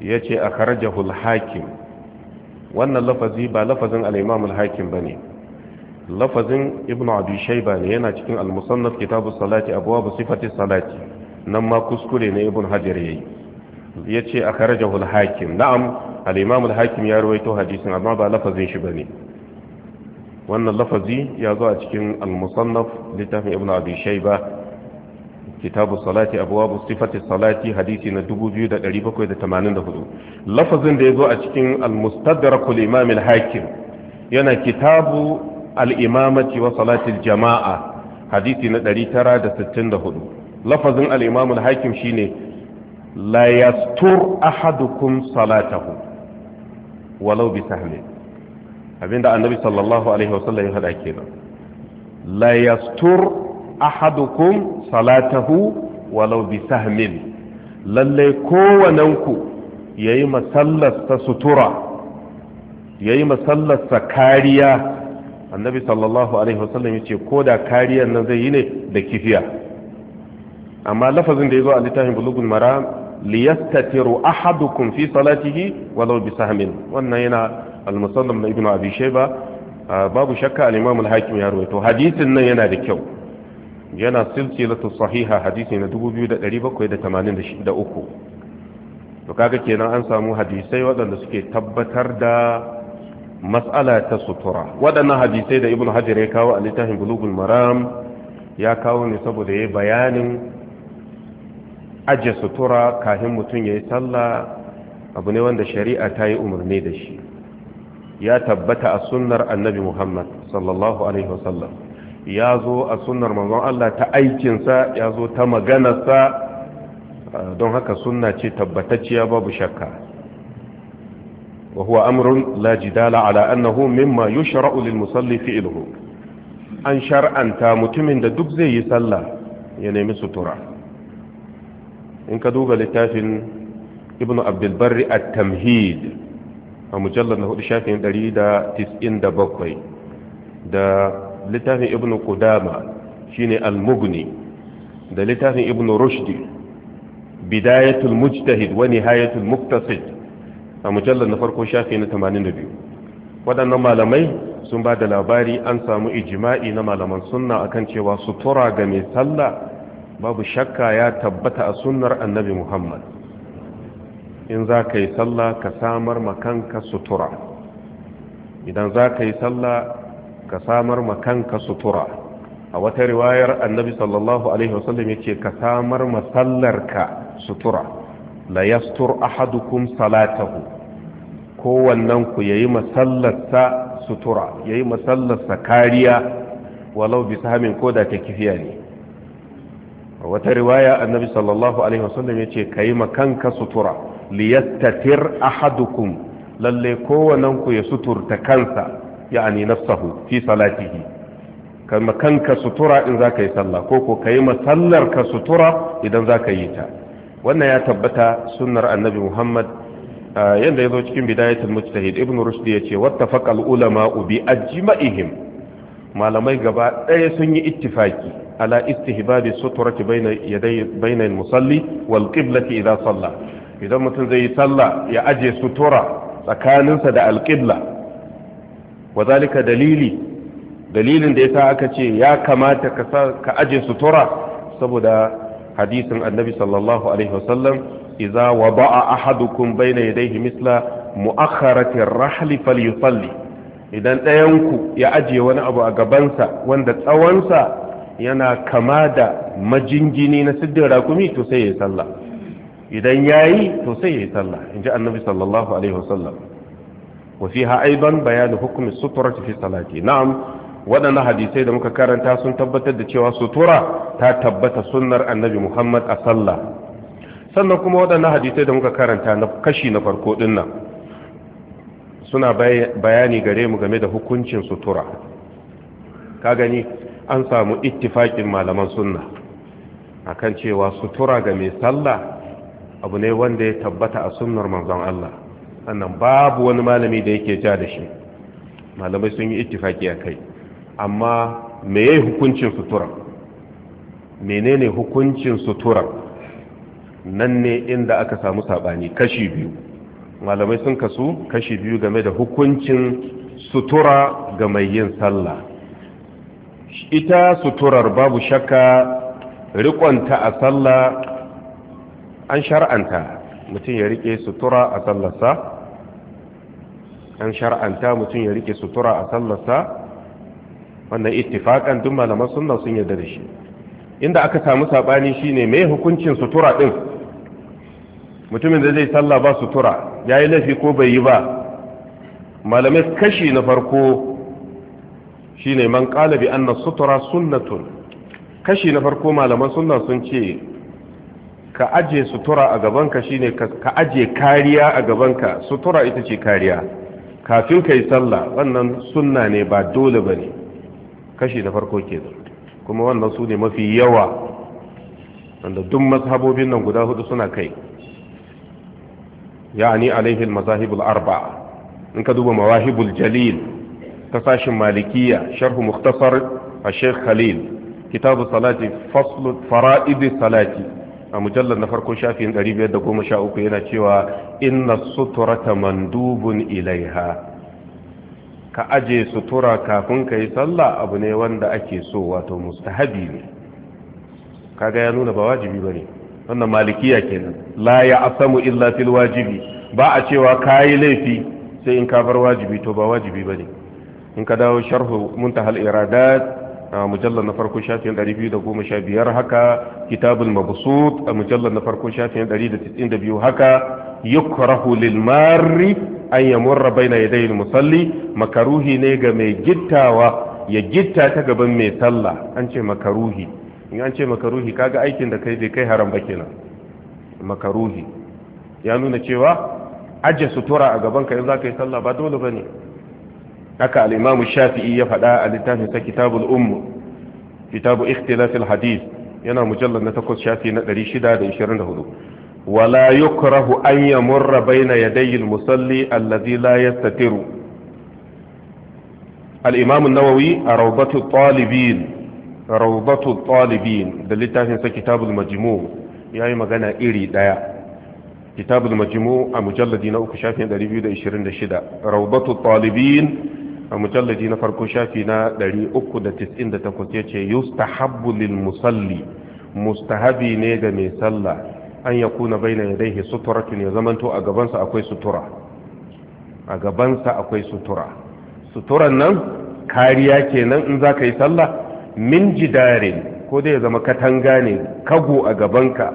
ya ce a karajahul hakim wannan lafazi ba lafazin al'imamul hakim ba ne lafazin ibn abu shaiba ne yana cikin al-musannaf kitabu salati abuwa bu sifati salati nan ma kuskure na ibn hajar ya yi ya ce a karajahul hakim na'am al'imamul hakim ya ruwaito hadisin amma ba lafazin shi ba ne wannan lafazi ya zo a cikin al-musannaf littafin ibn abi shayba kitabu salati abwabu sifati salati hadisi na 2784 lafazin da ya zo a cikin al-mustadrak al-imam al-hakim yana kitabu al-imamati wa salati al-jama'a hadisi na 964 lafazin al-imam al-hakim shine la yastur ahadukum salatahu walau bi sahlin abinda annabi sallallahu alaihi wasallam ya hada kenan la yastur ahadukum salatahu walau bi sahmin lalle kowananku yayi masallasta sutura yayi masallasta kariya annabi sallallahu alaihi wasallam ya ce ko da kariyar nan zai yi ne da kifiya amma lafazin da ya zo a littafin bulugun mara liyastatiru ahadukum fi salatihi walau bi sahmin wannan yana al-musallam na ibn abi shaiba babu shakka al-imam al-hakim ya hadisin nan yana da kyau yana silsilatu sahiha hadisi na 2783 to kaga kenan an samu hadisai waɗanda suke tabbatar da mas'ala ta sutura waɗannan hadisai da ibnu hajar ya kawo a littafin bulugul maram ya kawo ne saboda ya bayanin ajiye sutura kafin mutum ya yi sallah abu ne wanda shari'a ta yi umarni da shi ya tabbata a sunnar annabi muhammad sallallahu alaihi wasallam ya zo a sunnar manzon Allah ta aikinsa ya zo ta maganarsa ah, don haka sunna ce tabbatacciya babu shakka wa huwa amrun la jidala ala annahu mimma yushra'u lil musalli fi'luhu an shar'anta mutumin da duk zai yi sallah ya nemi sutura in ka duba littafin ibnu abdul barri at-tamhid a mujallar na hudu shafin 197 da littafin ibn kudama shine al-mughni da littafin ibn rushdi bidayatul mujtahid wa nihayatul muktasid a mujallar na farko shafi na 82 waɗannan malamai sun ba da labari an samu ijima'i na malaman sunna akan cewa sutura ga mai sallah babu shakka ya tabbata a sunnar annabi muhammad in za ka yi sallah ka samar makanka sutura idan za ka yi sallah ka samar makanka sutura a wata riwayar annabi sallallahu alaihi wasallam ce ka samar masallarka sutura la yastur ahadukum salatahu kowannan ku yayi masallarsa sutura yayi masallarsa kariya walau bi sahamin da ta kifiya ne wata riwaya annabi sallallahu alaihi wasallam yace kai makanka sutura liyattatir ahadukum lalle kowannen ku ya suturta kansa ya'ani nafsahu fi salatihi kama kanka sutura in zaka yi sallah ko ko kai masallar ka sutura idan ka yi ta wannan ya tabbata sunnar annabi Muhammad ya zo cikin bidayatul mujtahid ibn rushd ce wattafaqa al ulama bi ajma'ihim malamai gaba ɗaya sun yi ittifaki ala istihbabi suturati bayna yaday bayna al musalli wal qiblati idha salla idan mutum zai yi sallah ya aje sutura tsakaninsa da alƙibla wa zalika dalili dalilin da yasa aka ce ya kamata ka aje sutura saboda hadisin annabi sallallahu alaihi wasallam idza wada'a ahadukum baina yadayhi misla mu'akhkharati ar-rahl falyusalli idan ɗayanku ya aje wani abu a gabansa wanda tsawonsa yana kama da majingini na siddin rakumi to sai ya sallah idan yayi to sai yayi sallah ji annabi sallallahu alaihi wasallam wa fiha aidan bayan hukmi suturati fi salati na'am waɗannan hadisai da muka karanta sun tabbatar da cewa sutura ta tabbata sunnar annabi muhammad a sallah sannan kuma waɗannan hadisai da muka karanta na kashi na farko nan suna bayani gare mu game da hukuncin sutura ka gani an samu ittifaƙin malaman sunna akan cewa sutura ga mai sallah abu ne wanda ya tabbata a sunnar manzon Allah sannan babu wani malami da yake ja da shi malamai sun yi ittifaki a kai amma me yayi hukuncin sutura menene hukuncin sutura nan ne inda aka samu sabani kashi biyu malamai sun kasu kashi biyu game da hukuncin sutura ga mai yin sallah ita suturar babu shakka rikonta a sallah an shar'anta mutum ya rike sutura a sallarsa an shar'anta mutum ya rike sutura a sallarsa wannan ittifakan duk malaman sunna sun yarda da shi inda aka samu sabani shine me hukuncin sutura din mutumin da zai sallah ba sutura yayi laifi ko bai yi ba malamai kashi na farko shine man qala bi anna sutura sunnatun kashi na farko malaman sunna sun ce ka aje sutura a gabanka shine ka aje kariya a gabanka sutura ita ce kariya kafin ka yi sallah wannan sunna ne ba dole ba ne kashi na farko ke kuma wannan su ne mafi yawa wanda duk mazhabobin nan guda hudu suna kai ya'ani alaihin mazahibul arba'a in ka duba mawahibul jalil ta sashin malikiya sharhu muktasar a sheikh khalil kitabu salati faslul fara'id salati a mujallar na farko shafin 513 yana cewa inna ta mandubun ilaiha ka aje sutura kafin ka yi sallah abu ne wanda ake so wato mustahabi ne kaga ya nuna ba wajibi ba ne wannan malikiya kenan la ya asamu illa fil wajibi ba a cewa ka yi laifi sai in ka bar wajibi to ba wajibi ba ne in ka dawo sharhu muntahal iradat A mujallar na farko shafin 215 haka kitabul mabsut a mujallar na farko shafin 192 haka yukrahu lil marri an yamurra baina yadayil musalli makaruhi ne ga mai gittawa ya gitta ta gaban mai sallah an ce makaruhi in an ce makaruhi kaga aikin da kai bai kai haram ba kenan makaruhi ya nuna cewa ajiye sutura a gaban ka in za ka yi sallah ba dole ba ne haka al-imam shafi'i ya faɗa a littafin sa kitabul umm kitabu ikhtilaf al-hadith yana mujallal na takwas shafi na 624 wala yukrahu an yamurra bayna yaday al-musalli alladhi la yastatiru al-imam an-nawawi rawdatu at-talibin rawdatu talibin da littafin sa kitabul majmu' yayi magana iri daya kitabul كتاب المجموع مجلد نوك شافين 226 روضة talibin a mujallaji na farko shafi na 398 ya ce yustahabbu lil musalli mustahabi ne ga mai sallah an ya kuna baina yadaihi suturatun ya zamanto a gabansa akwai sutura a gabansa akwai sutura suturan nan kariya kenan in za ka yi sallah min ko dai ya zama katanga ne kago a gabanka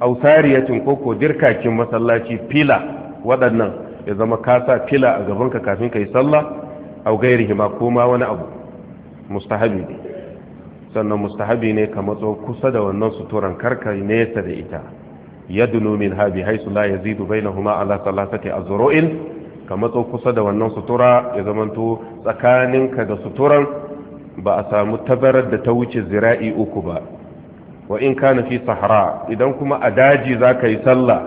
ausariyatin ko ko dirkakin masallaci fila waɗannan ya zama kasa fila a gabanka kafin ka yi sallah au gairihi hima ko ma wani abu mustahabi ne sannan mustahabi ne ka matso kusa da wannan suturan karka nesa da ita Yadda min habi haisu la yazidu bainahuma ala salasati azru'in ka matso kusa da wannan sutura ya zamanto tsakaninka da suturan ba a samu tabarar da ta wuce zira'i uku ba wa in kana fi sahara idan kuma a daji zaka yi sallah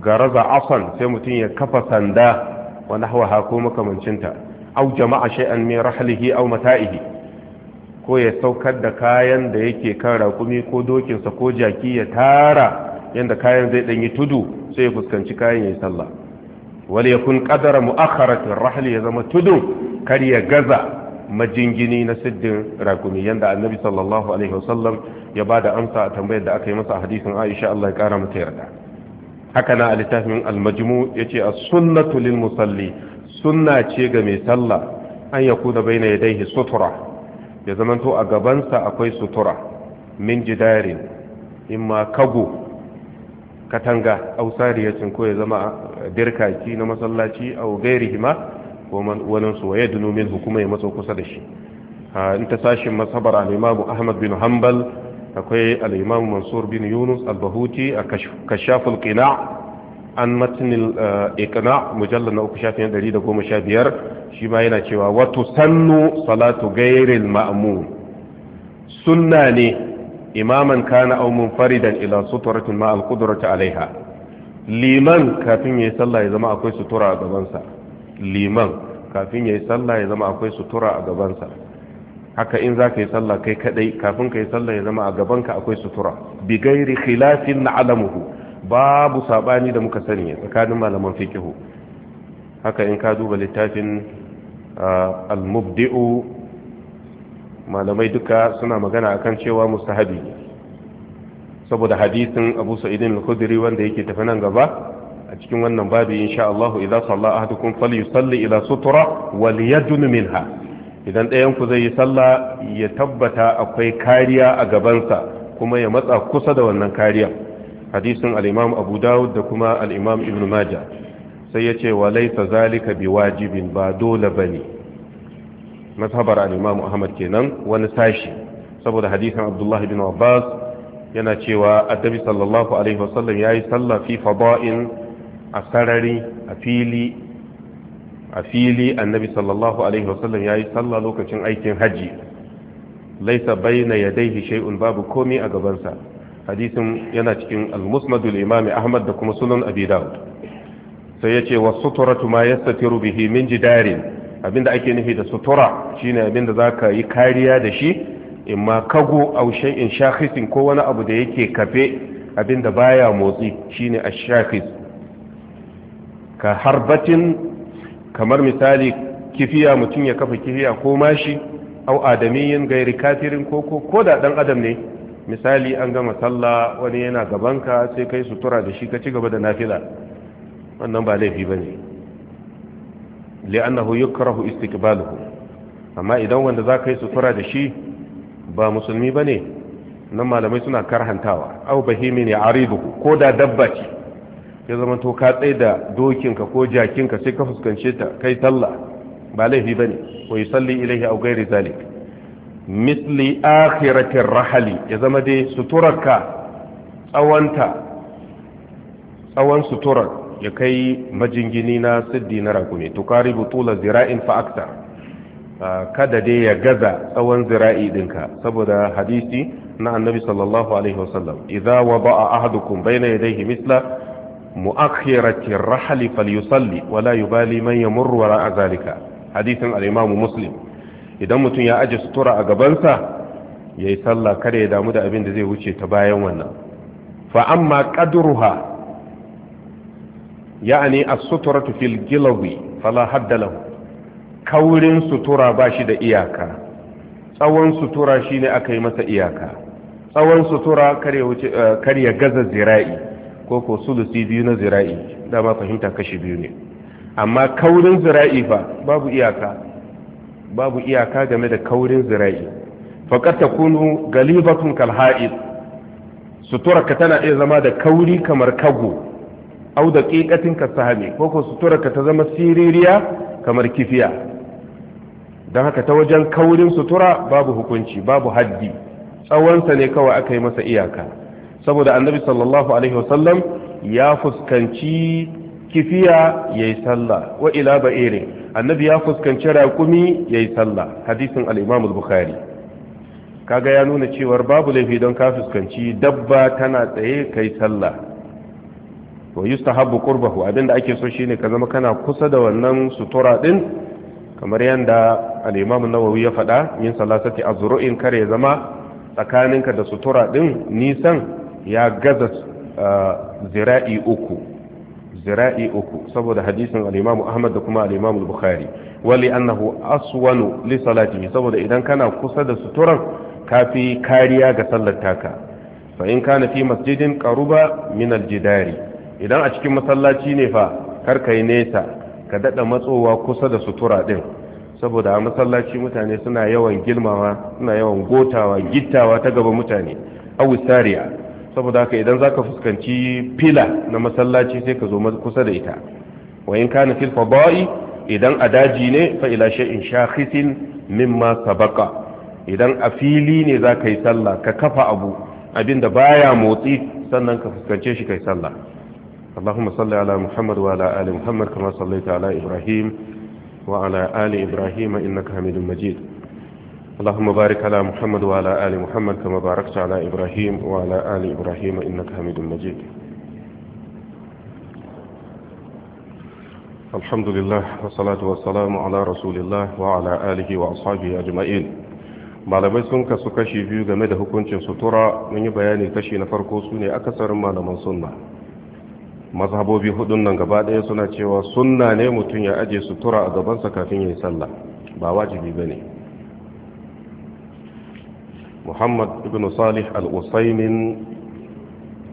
ga raza asan sai mutum ya kafa sanda wani nahwaha ko makamancinta au jama'a shay'an min rahlihi au mata'ihi ko ya saukar da kayan da yake kan rakumi ko dokinsa ko jaki ya tara yanda kayan zai danyi tudu sai ya fuskanci kayan yayi sallah wal yakun qadara mu'akhkharatir rahli ya zama tudu kar ya gaza majingini na siddin rakumi yanda annabi sallallahu alaihi wasallam ya bada amsa a tambayar da aka yi masa a hadisin Aisha Allah ya kara mata yarda haka na a littafin al yace as-sunnatu lil musalli sunna ce ga mai sallah an ya kuna bai na yadaihi sutura ya zamanto a gabansa akwai sutura min jidarin in ma kago katanga ausari ya cinko ya zama dirkaki na masallaci a gairi hima ko wani su waye dunu min hukuma ya matso kusa da shi in ta sashin masabar al'imamu ahmad bin hanbal akwai al'imamu mansur bin yunus al-bahuti a kashaful qina' an matnil eh, iqna mujallal na uku shafin biyar shi ma yana cewa wato sannu salatu gairin ma'amun sunna ne imaman kana aw faridan ila suturatin ma al alaiha liman kafin yayi sallah ya zama akwai sutura a gaban liman kafin yayi sallah ya zama akwai sutura a gabansa haka in zaka yi sallah kai kadai kafin kai sallah ya zama a gaban ka akwai sutura bi gairi khilafin alamuhu babu sabani da muka sani tsakanin malaman fikihu haka in ka duba littafin ah, al-mubdi'u malamai duka suna magana akan cewa mustahabi saboda hadisin Abu Sa'id al-Khudri wanda yake tafi nan gaba a cikin wannan babu insha Allah idza salla ahadukum falyusalli ila sutra wal minha idan ɗayan ku zai yi sallah ya tabbata akwai kariya a gabansa kuma ya matsa kusa da wannan kariyar hadisin al'imam abu dawud da kuma al'imam ibnu ibn majah sai ya ce wa laisa zalika wajibin ba dole bane mazhabar al'imam imam ahmad kenan wani sashi saboda hadisin abdullah ibn abbas yana cewa addabi sallallahu alaihi wasallam sallah fi fada'in a sarari a fili a fili annabi sallallahu alaihi wasallam yayi sallah lokacin aikin haji laisa baina yadayhi shai'un babu komai a gabansa hadisin yana cikin al-musnadul imami ahmad da kuma sunan abi dawud sai yace wa suturatu ma yastatiru bihi min jidarin abinda ake nufi da sutura shine abinda zaka yi kariya da shi in kago aw shay'in shakhisin ko wani abu da yake kafe abinda baya motsi shine ash-shakhis ka harbatin kamar misali kifiya mutum ya kafa kifiya ko mashi au adamiyin gairi kafirin ko ko da dan adam ne misali an gama sallah wani yana gabanka sai kai sutura da shi ka ci gaba da nafila wannan ba laifi ba ne li'annahu yukrahu istiqbaluhu amma idan wanda za ka yi sutura da shi ba musulmi ba ne nan malamai suna karhantawa au bahimi ne ariduhu ko da dabba ce ya zama to ka tsaye da dokinka ko jakinka sai ka fuskance ta kai sallah ba laifi ba ne yi salli ilaihi au ghairi zalik misli akhiratin rahali ya zama dai suturarka tsawonta tsawon suturar ya kai majingini na siddi na rakumi tukari butula zira'in fa'akta ah, kada dai ya gaza tsawon zira'i dinka saboda hadisi na annabi sallallahu alaihi wasallam idza wada'a ahadukum bayna yadayhi misla rahali ar-rahli falyusalli wala yubali man yamurru wara'a zalika hadisin al muslim idan mutum ya aje sutura a gabansa ya yi sallah kada ya damu da abin da zai wuce ta bayan wannan fa'amma ƙaduruha ya'ani a sutura tufil gilawi fala haddalahu kaurin sutura ba shi da iyaka tsawon sutura shi ne aka yi masa iyaka tsawon sutura eh, kar ya gaza zira'i ko ko sulusi biyu na zira'i dama fahimta kashi biyu ne amma kaurin zira'i fa babu iyaka babu iyaka game da kaurin zira'i faqad kunu, galibatun kal suturarka tana iya zama da kauri kamar kago au da ƙiƙatin ka sahami ko ko suturarka ta zama siririya kamar kifiya don haka ta wajen kaurin sutura babu hukunci babu haddi tsawonsa ne kawai aka yi masa iyaka saboda annabi sallallahu alaihi wasallam ya fuskanci kifiya yayi sallah wa ila ba'irin annabi ya fuskanci raƙumi yayi sallah hadisin al'imamul imam al-bukhari kaga ya nuna cewar babu laifi don ka fuskanci dabba tana tsaye kai sallah wa yustahabbu qurbahu abinda ake so shine ka zama kana kusa da wannan sutura din kamar yadda al-imam nawawi ya faɗa yin salasati azru'in kare zama tsakaninka da sutura din nisan ya gaza ah, zira'i uku zira'i uku saboda hadisin al ahmad da kuma al-imamu bukhari wali annahu aswanu li saboda idan kana kusa da suturan kafi kariya ga sallar taka fa in kana fi masjidin qaruba min jidari idan a cikin masallaci ne fa kar ka yi nesa ka daɗa matsowa kusa da sutura ɗin saboda a masallaci mutane suna yawan gilmawa suna yawan gotawa gittawa ta gaba mutane aw sariya saboda haka idan zaka fuskanci fila na masallaci sai ka zo kusa da ita wa in kana fil fada'i idan a daji ne fa ila shay'in shakhisin mimma sabaqa idan a fili ne zaka yi sallah ka kafa abu abinda baya motsi sannan ka fuskance shi kai sallah اللهم صل على محمد وعلى آل محمد كما صليت على إبراهيم وعلى آل إبراهيم إنك حميد مجيد اللهم بارك على محمد وعلى آل محمد كما باركت على إبراهيم وعلى آل إبراهيم إنك حميد مجيد الحمد لله والصلاة والسلام على رسول الله وعلى آله وأصحابه أجمعين malamai sun kasu kashi biyu game da hukuncin sutura mun yi bayani kashi na farko su ne akasarin malaman sunna mazhabobi hudun nan gaba ɗaya suna cewa sunna ne mutum ya aje sutura a gabansa kafin ya yi sallah ba wajibi ba ne muhammad ibn salih al-usaimin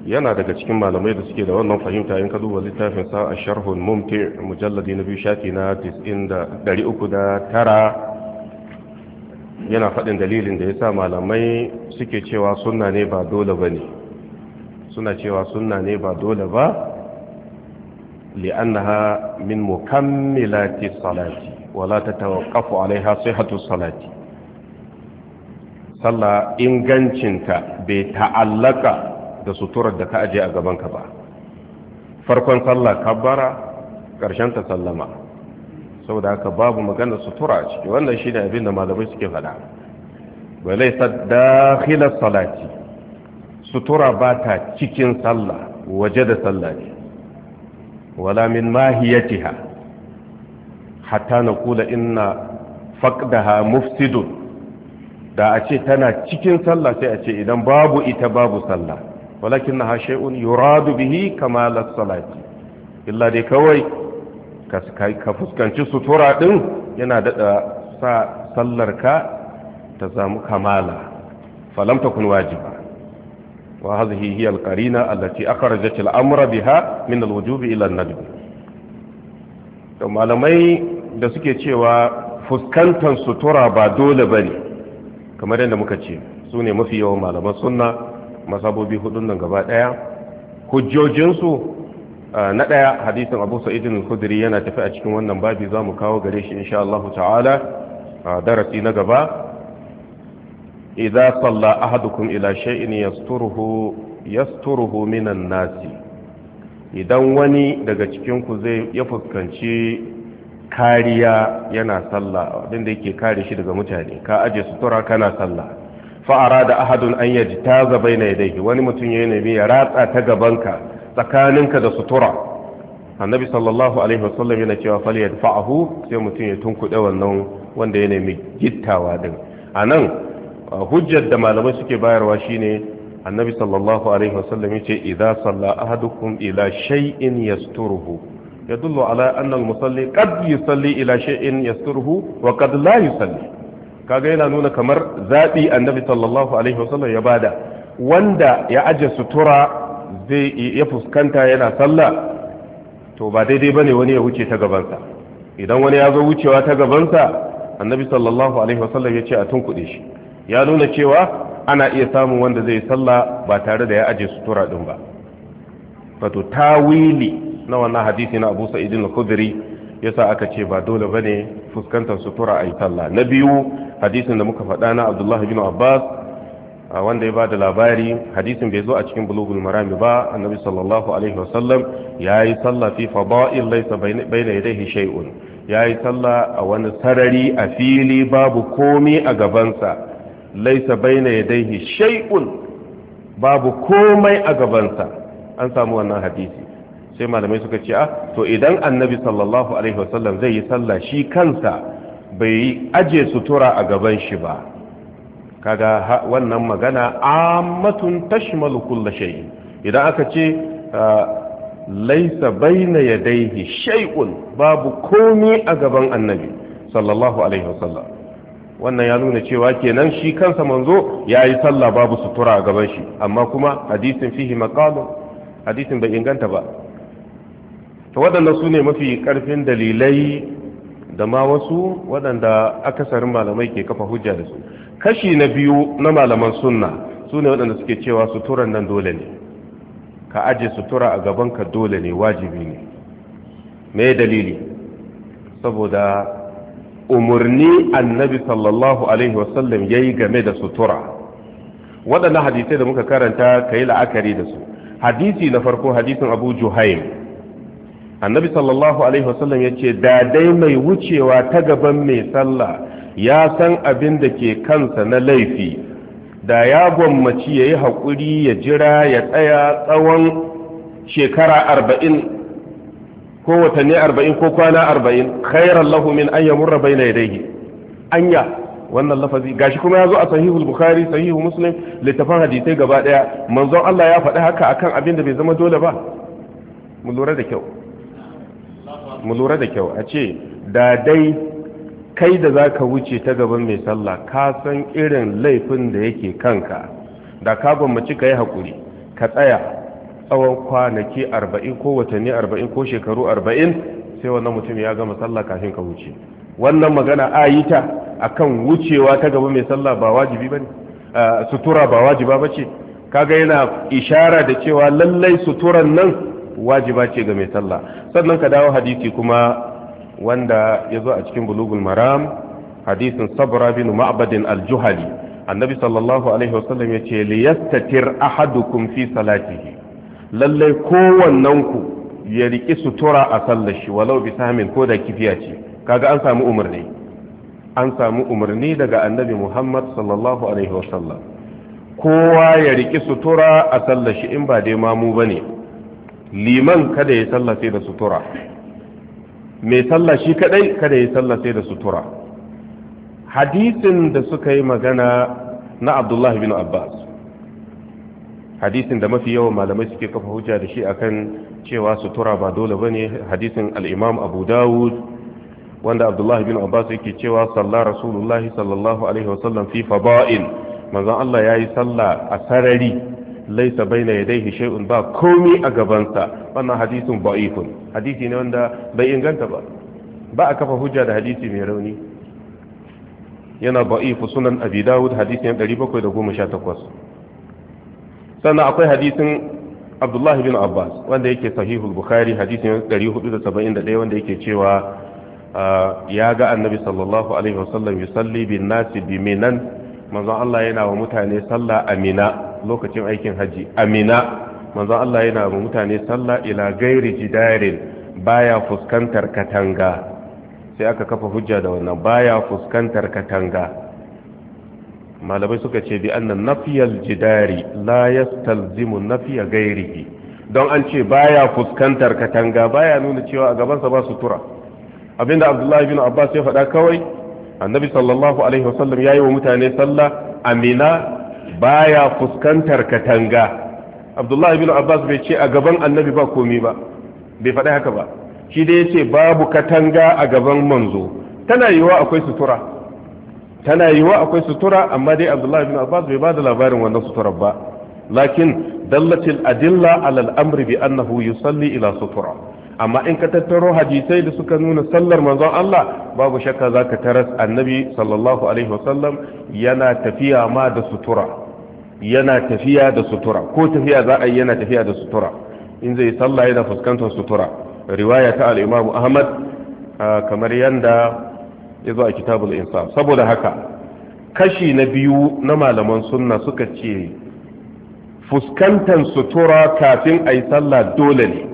yana daga cikin malamai da suke da wannan fahimta in ka duba littafin sa a sharhun mumti mujalladi na biyu shafi na 309 yana faɗin dalilin da ya sa malamai suke cewa sunna ne ba dole ba ne suna cewa sunna ne ba dole ba li'annaha min mukammilati salati wala ta tawaqqafu alaiha sihhatu salati sallah ingancinta bai ta'allaka da suturar da ka aje a gabanka ba farkon sallah kabbara ƙarshen ta sallama saboda haka babu magana sutura a ciki wannan shine abin da malamai suke faɗa walai sadakhilas salati sutura ba ta cikin sallah waje da sallah ne wala min mahiyatiha hatta kula inna faqdaha mufsidun da a ce tana cikin sallah sai a ce idan babu ita babu sallah walakin na hashe'un yuradu bihi kamalar salati illa dai kawai ka fuskanci sutura ɗin yana daɗa sa sallarka ta samu kamala falam takun wajiba wa hazihi hiya alqarina allati akhrajat al'amra biha min alwujubi ila an-nadb to malamai da suke cewa fuskantar sutura ba dole bane kamar yadda muka ce su ne mafi yawan malaman sunna masabobi hudun nan gaba daya hujjojinsu na daya hadisin abu sa'idin khudri yana tafi a cikin wannan babi za mu kawo gare shi insha Allah ta'ala darasi na gaba idza salla ahadukum ila shay'in yasturuhu yasturuhu minan nasi idan wani daga cikin ku zai ya fuskanci kariya yana sallah abinda yake kare shi daga mutane ka aje sutura kana sallah fa'ara da ahadun an yaji ta zaba na yadaihi wani mutum ya nemi ya ratsa ta gabanka tsakaninka da sutura annabi sallallahu alaihi wasallam yana cewa fal yadfa'hu sai mutum ya tunkuɗe wannan wanda ya nemi gittawa din anan hujjar da malamai suke bayarwa shine annabi sallallahu alaihi wasallam yace idza salla ahadukum ila shay'in yasturuhu يدل على أن المصلي قد يصلي إلى شيء يستره وقد لا يصلي kaga yana nuna kamar zaɓi annabi sallallahu alaihi wasallam ya bada wanda ya aje sutura zai ya fuskanta yana sallah to ba daidai ne wani ya wuce ta gabansa idan wani ya zo wucewa ta gabansa annabi sallallahu alaihi wasallam ya ce a tunkuɗe shi ya nuna cewa ana iya samun wanda zai yi sallah ba tare da ya ajiye sutura din ba wato tawili na wannan hadisi na Abu Sa'id al-Khudri yasa aka ce ba dole bane fuskantar sutura ayi sallah na biyu hadisin da muka faɗa na Abdullah ibn Abbas wanda ya bada labari hadisin bai zo a cikin bulugul marami ba annabi sallallahu alaihi wasallam yayi sallah fi fada'il laysa bayna yadayhi shay'un yayi sallah a wani sarari a fili babu komi a gabansa laysa bayna yadayhi shay'un babu komai a gabansa an samu wannan hadisi sai malamai suka ce a ah, to idan annabi sallallahu alaihi wasallam zai yi sallah shi kansa bai aje sutura a gaban shi ba kaga wannan magana ammatun tashmalu kulla shay idan aka ce ah, laisa baina yadayhi shay'un babu komai a gaban annabi sallallahu alaihi wasallam wannan ya nuna cewa kenan shi kansa manzo yayi sallah babu sutura a gaban shi amma kuma hadisin fihi maqalu hadisin bai inganta ba ta waɗanda su ne mafi ƙarfin dalilai da ma wasu waɗanda akasarin malamai ke kafa hujja da su kashi na biyu na malaman sunna su ne waɗanda suke cewa suturan nan dole ne ka aje sutura a gabanka dole ne wajibi ne me dalili saboda umarni annabi sallallahu alaihi wasallam ya yi game da sutura waɗanda hadisai da muka karanta ka yi la'akari da su hadisi na farko hadisin abu juhaim annabi sallallahu alaihi wasallam ya ce da dai mai wucewa ta gaban mai sallah ya san abin da ke kansa na laifi da ya gwammaci ya yi haƙuri ya jira ya tsaya tsawon shekara arba'in ko watanni arba'in ko kwana arba'in khairan lahu min an yamurra na yadaihi anya wannan lafazi gashi kuma ya zo a sahihu bukhari sahihu muslim littafan hadisai gaba daya manzon Allah ya faɗi haka akan abin da bai zama dole ba mu lura da kyau mu lura da kyau a ce da dai kai da za ka wuce ta gaban mai sallah ka san irin laifin da yake kanka da ka gwammaci ka yi haƙuri ka tsaya tsawon kwanaki arba'in ko watanni arba'in ko shekaru arba'in sai wannan mutum ya gama sallah kafin ka wuce wannan magana a yi ta akan wucewa ta gaba mai sallah ba wajibi ba ne sutura ba wajiba ba ce kaga yana ishara da cewa lallai suturan nan wajiba ce ga mai sallah sannan ka dawo hadisi kuma wanda ya zo a cikin bulugul maram hadisin sabra bin aljuhali al-juhali annabi sallallahu alaihi wasallam ya ce li yastatir ahadukum fi salatihi lallai kowannen ku ya riki sutura a sallar shi walau bi samin ko da kifiya ce kaga an samu umarni an samu umarni daga annabi muhammad sallallahu alaihi wasallam kowa ya riki sutura a sallar shi in ba dai mamu bane liman kada ya sallah sai da sutura mai sallah shi kadai kada ya sallah sai da sutura hadisin da suka yi magana na abdullahi bin abbas hadisin da mafi yawan malamai suke kafa hujja da shi akan cewa sutura ba dole bane hadisin Al'imam abu dawud wanda abdullahi bin abbas yake cewa sallah rasulullahi sallallahu alaihi wasallam fi fada'il manzon Allah ya yi sallah a sarari laisa bai na yadai shay'un ba komi a gabansa wannan hadisin da'ifun hadisi ne wanda bai inganta ba ba a kafa hujja da hadisi mai rauni yana da'ifu sunan abi dawud hadisi ne 718 sannan akwai hadisin abdullahi bin abbas wanda yake sahihul bukhari hadisi ne 471 wanda yake cewa ah, ya ga annabi sallallahu alaihi wasallam yusalli bin nasi bi minan manzon Allah yana wa mutane sallah amina lokacin aikin haji amina manzon Allah yana wa mutane sallah ila gairi jidarin baya fuskantar katanga sai aka kafa hujja da wannan baya fuskantar katanga malamai suka ce bi annan nafiyal jidari la yastalzimu nafiya gairihi don an ce baya fuskantar katanga baya nuna cewa a sa ba sutura abinda abdullahi bin abbas ya faɗa kawai annabi sallallahu alaihi wasallam yi wa mutane sallah amina baya fuskantar katanga abdullahi bin abbas bai ce a gaban annabi ba komi ba bai faɗi haka ba shi dai ya ce babu katanga a gaban manzo tana yiwa akwai sutura tana yiwa akwai sutura amma dai abdullahi bin abbas bai ba da labarin wannan suturar ba lakin dallatil adilla ala al-amri bi annahu yusalli ila sutura amma in ka tattaro hadisai da suka nuna sallar manzon Allah babu shakka ka taras annabi sallallahu alaihi wasallam yana tafiya ma da sutura yana tafiya da sutura ko tafiya za a yi yana tafiya da sutura in zai sallah yana fuskantar sutura riwaya ta al-Imam Ahmad kamar yanda zo a kitabul insaf saboda haka kashi na biyu na malaman sunna suka ce fuskantar sutura kafin a yi sallah dole ne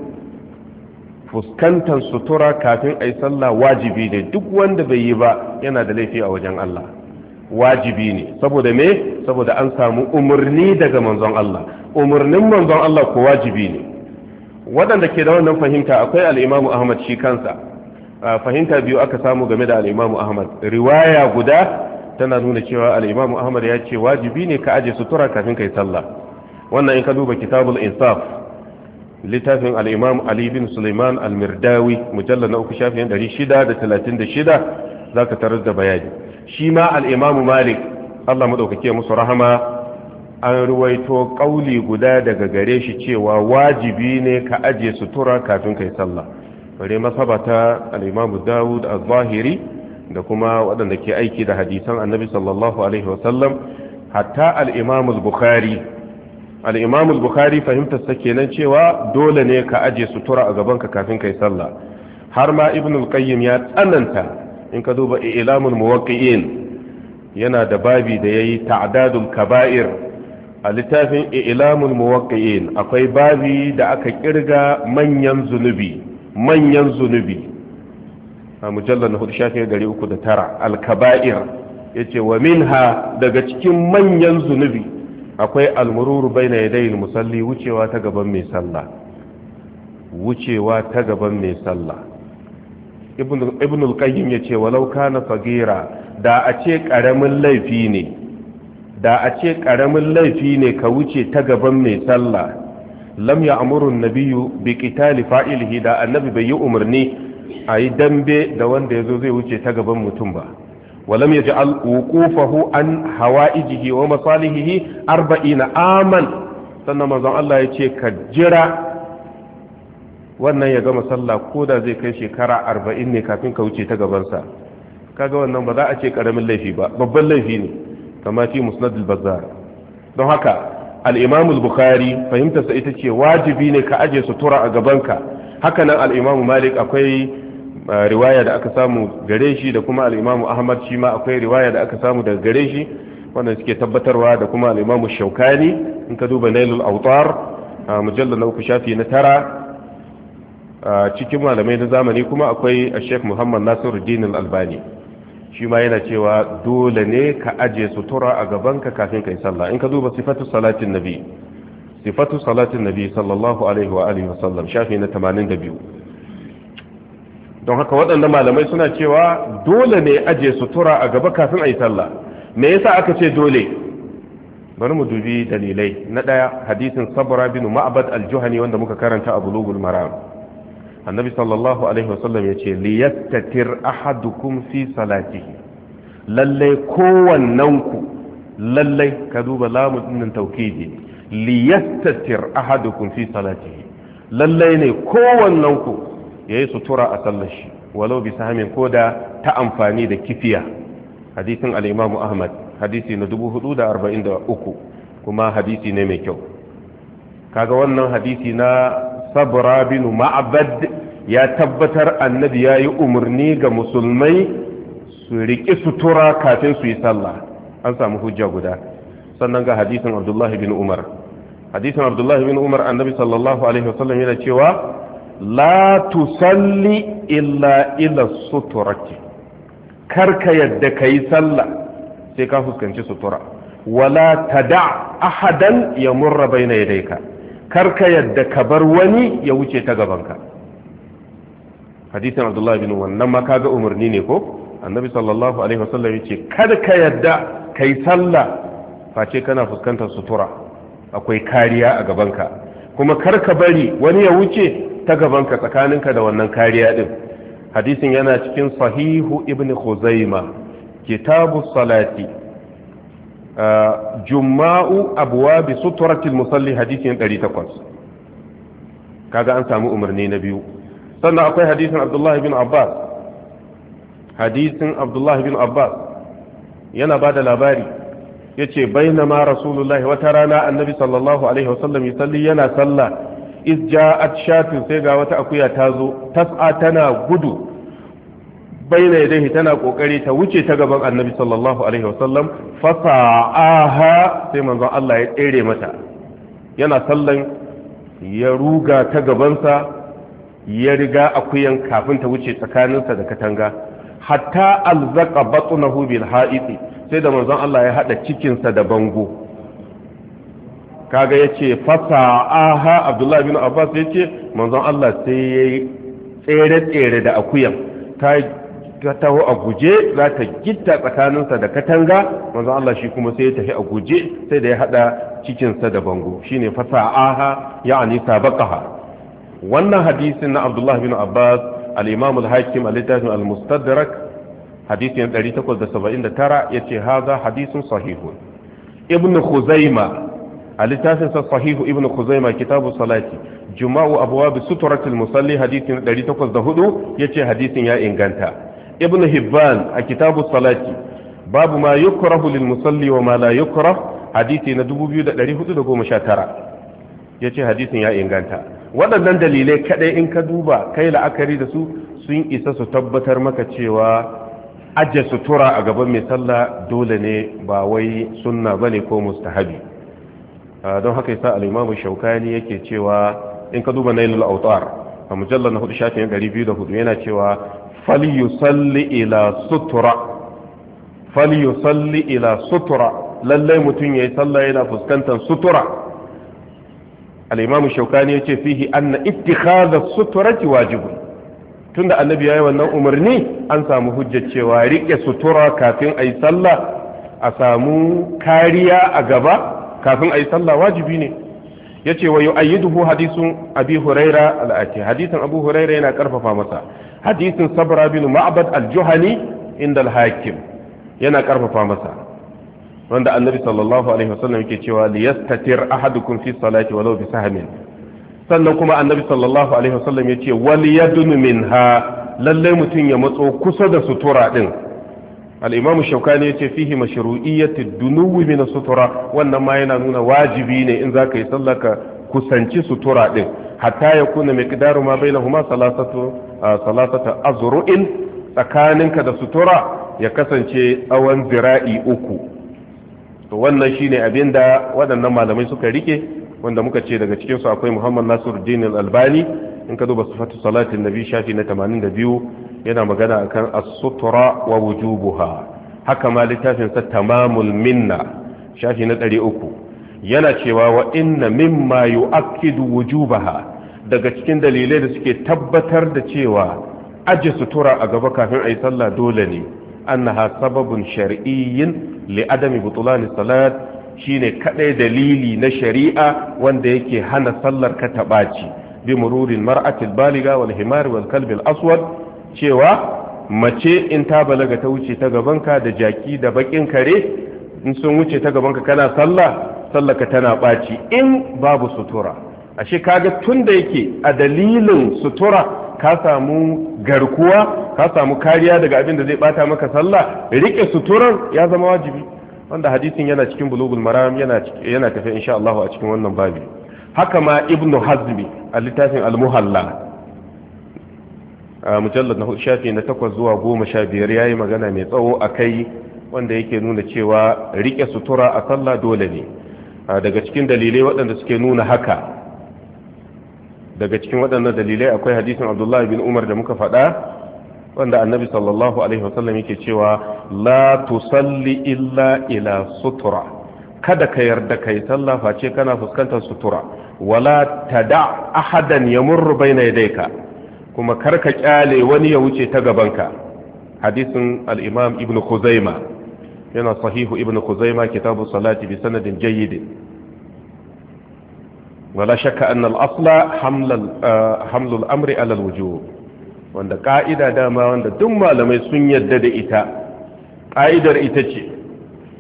fuskantar sutura kafin a yi sallah wajibi ne duk wanda bai yi ba yana da laifi a wajen Allah wajibi ne saboda me saboda an samu umarni daga manzon Allah umarnin manzon Allah ko wajibi ne waɗanda ke da wannan fahimta akwai al'imamu ahmad shi kansa fahimta biyu aka samu game da al'imamu ahmad riwaya guda tana nuna cewa al'imamu ahmad ya ce wajibi ne ka aje sutura kafin ka yi sallah wannan in ka duba kitabul insaf littafin al'imam ali bin suleiman al-mirdawi mujalla na uku shafin 636 za ka tarar da bayani shi ma al'imamu malik allah maɗaukake musu rahama an ruwaito ƙauli guda daga gare shi cewa wajibi ne ka ajiye sutura kafin kai sallah bare masabata al'imamu dawud al-zahiri da kuma waɗanda ke aiki da hadisan annabi sallallahu alaihi wasallam hatta al'imamu bukhari al'imamul buhari fahimtar kenan cewa dole ne ka aje sutura a gabanka kafin kai sallah har ma ibn al ya tsananta in ka duba ilamul muwaƙi’in yana da babi da ya yi ta'adadun kaba'ir a littafin ilamul muwaƙi’in akwai babi da aka ƙirga manyan zunubi manyan zunubi a mujallar na hudu shafi gari uku da tara al-kaba'ir ce wa minha daga cikin manyan zunubi akwai almururu bai na yadayin musalli wucewa ta gaban mai sallah wucewa ta gaban mai sallah ibn al-qayyim ya ce walau kana fagira da a ce karamin laifi ne da a ce karamin laifi ne ka wuce ta gaban mai sallah lam ya amurun nabiyu bi qitali fa'ilihi da annabi bai yi umarni a yi dambe da wanda ya zo zai wuce ta gaban mutum ba ولم يجعل وقوفه عن حوائجه ومصالحه أربعين عاما sannan manzon Allah ya ce ka jira wannan ya gama sallah ko da zai kai shekara arba'in ne kafin ka wuce ta gabansa kaga wannan ba za a ce karamin laifi ba babban laifi ne kama fi musnad al-bazzar don haka al-imam al-bukhari fahimtarsa ita ce wajibi ne ka aje sutura a gabanka haka nan al-imam malik akwai riwaya da aka samu gare shi da kuma al'imamu ahmad shi ma akwai riwaya da aka samu daga gare shi wanda suke tabbatarwa da kuma al'imamu shaukani in ka duba nailul autar mujallar na uku shafi na tara cikin malamai na zamani kuma akwai a sheikh muhammad nasiruddin albani shi ma yana cewa dole ne ka aje sutura a gabanka kafin ka yi sallah in ka duba sifatu salatin nabi sifatu salatin nabi sallallahu alaihi wa alihi wa sallam shafi na 82 don haka waɗannan malamai suna cewa dole ne aje sutura a gaba kafin a yi sallah me yasa aka ce dole bari mu dubi dalilai na ɗaya hadisin sabra bin ma'bad al-juhani wanda muka karanta a bulugul maram annabi sallallahu alaihi wasallam ya ce liyattatir ahadukum fi salatihi lallai kowannan ku lallai ka duba lamu dinnan taukidi liyattatir ahadukum fi salatihi lallai ne kowannan ku ya yi sutura a sallar shi walau bisa hamin ko da ta amfani da kifiya hadisin al'imamu ahmad hadisi na 443 kuma hadisi ne mai kyau kaga wannan hadisi na sabra bin ma'abad ya tabbatar annabi ya yi umarni ga musulmai su riƙi sutura kafin su yi sallah an samu hujja guda sannan ga hadisin abdullahi bin umar hadisin abdullahi bin umar annabi sallallahu alaihi wasallam yana cewa la salli illa ila Kar karka yadda ka yi sallah sai ka fuskanci sutura wala tada ahadan ya murra bai na Kar karka yadda ka bar wani ya wuce ta gabanka hadisin abdullahi bin nan ma kaga umarni ne ko annabi sallallahu alaihi wasallam yace kar ka yadda kai sallah face kana fuskantar sutura akwai kariya a gabanka kuma kar ka bari wani ya wuce ta gabanka tsakaninka da wannan kariya din hadisin yana cikin sahihu ibn khuzaima kitabu salati juma'u abwabi suturatil musalli hadisin 108 kaga an samu umarni na biyu sannan akwai hadisin abdullah ibn abbas hadisin abdullah ibn abbas yana bada labari yace bainama rasulullahi wata rana annabi sallallahu alaihi wasallam yusalli yana sallah iz ja'at shatin sai ga wata akuya ta zo tas'a tana gudu baina yadayhi tana kokari ta wuce ta gaban annabi sallallahu alaihi wasallam sa'aha sai manzon Allah ya tsere mata yana sallan ya ruga ta gabansa ya riga akuyan kafin ta wuce tsakaninsa da katanga hatta alzaqa batnahu bil ha'iti sai da manzon Allah ya hada cikinsa da bango kaga yace fasa'aha abdullahi bin abbas yace manzon Allah sai yayi tsere tsere da akuyan ta taho a guje za ta gitta tsakaninsa da katanga manzon Allah shi kuma sai ya tafi a guje sai da ya hada cikinsa da bango shine fasa'aha ya'ani sabaqaha wannan hadisin na abdullahi bin abbas al-imam al-hakim al-littafin al-mustadrak hadisin 879 yace haza hadisin sahihun ibnu khuzaimah a littafin sa sahihu ibn khuzaima kitabu salati juma'u abwab suturatul musalli hadisin 804 yace hadisin ya inganta ibn hibban a kitabu salati babu ma yukrahu lil musalli wa ma la yukrah hadisi na 2419 yace hadisin ya inganta waɗannan dalilai kadai in ka duba kai la'akari da su sun isa su tabbatar maka cewa ajiye sutura a gaban mai sallah dole ne ba wai sunna bane ko mustahabi Ah, don haka yasa al-imamu shaukani yake cewa in ka duba nailul autar a mujallar na hudu shafin ɗari biyu da hudu yana cewa falyusalli ila sutura falyusalli ila sutura lallai mutum ya yi sallah yana fuskantar sutura al-imamu shaukani ya ce fihi anna ittikhadha suturati wajibun tunda annabi yayi wannan umarni an samu hujjar cewa rike sutura kafin ayi sallah a samu kariya a gaba kafin a yi sallah wajibi ne ya ce wa duhu hadisun abi huraira al'ati hadisin abu huraira yana karfafa masa hadisin sabra bin ma'bad al-juhani inda al-hakim yana karfafa masa wanda annabi sallallahu alaihi wasallam yake cewa liyastatir ahadukum fi salati walau bi sahmin sannan kuma annabi sallallahu alaihi wasallam yace wal yadun minha lalle mutun ya matso kusa da sutura din al'imamu shaukani ya ce fihi mashru'iyyati dunuwi min sutura wannan ma yana nuna wajibi ne in za ka yi sallaka ka kusanci sutura din hatta ya kuna miqdaru ma bainahuma huma salasatu azuruin tsakaninka da sutura ya kasance tsawon zira'i uku to wannan shine abinda waɗannan malamai suka rike wanda muka ce daga cikinsu akwai muhammad nasiru al-albani in ka duba sifatu salatin nabi shafi na 82 yana magana akan as-sutra wa wujubuha haka ma littafin sa tamamul minna shafi na 300 yana cewa wa inna mimma yu'akkidu wujubaha daga cikin dalilai da suke tabbatar da cewa aje sutura a gaba kafin ayi sallah dole ne annaha sababun shar'iyyin li adami butulani salat shine kadai dalili na shari'a wanda yake hana sallar ka tabaci bi mururin mar'atil baliga wal himar wal kalbil aswad cewa mace in ta balaga ta wuce ta gabanka da jaki da bakin kare in sun wuce ta gabanka kana sallah sallaka tana ɓaci in babu sutura ashe kaga tun da yake a dalilin sutura ka samu garkuwa ka samu kariya daga abin da zai bata maka sallah rike suturan ya zama wajibi wanda hadisin yana cikin bulugul maram yana yana tafi insha Allah a cikin wannan babi haka ma ibnu hazmi a littafin al-muhalla mujallar na shafi na takwas zuwa goma sha biyar ya yi magana mai tsawo a kai wanda yake nuna cewa rike sutura a sallah dole ne daga cikin dalilai waɗanda suke nuna haka daga cikin waɗannan dalilai akwai hadisin abdullahi bin umar da muka faɗa wanda annabi sallallahu alaihi wasallam yake cewa la tusalli illa ila sutura kada ka yarda kai sallah face kana fuskantar sutura wala tada ahadan yamurru bayna yadayka kuma kar ka kyale wani ya wuce ta gabanka hadisin al-imam ibn khuzaima yana sahihu ibn khuzaima kitabu salati bi sanadin jayyid wala shakka anna al-asla haml ah, amri ala al-wujub wanda ka'ida dama wanda duk malamai sun yadda da ita ka'idar ita ce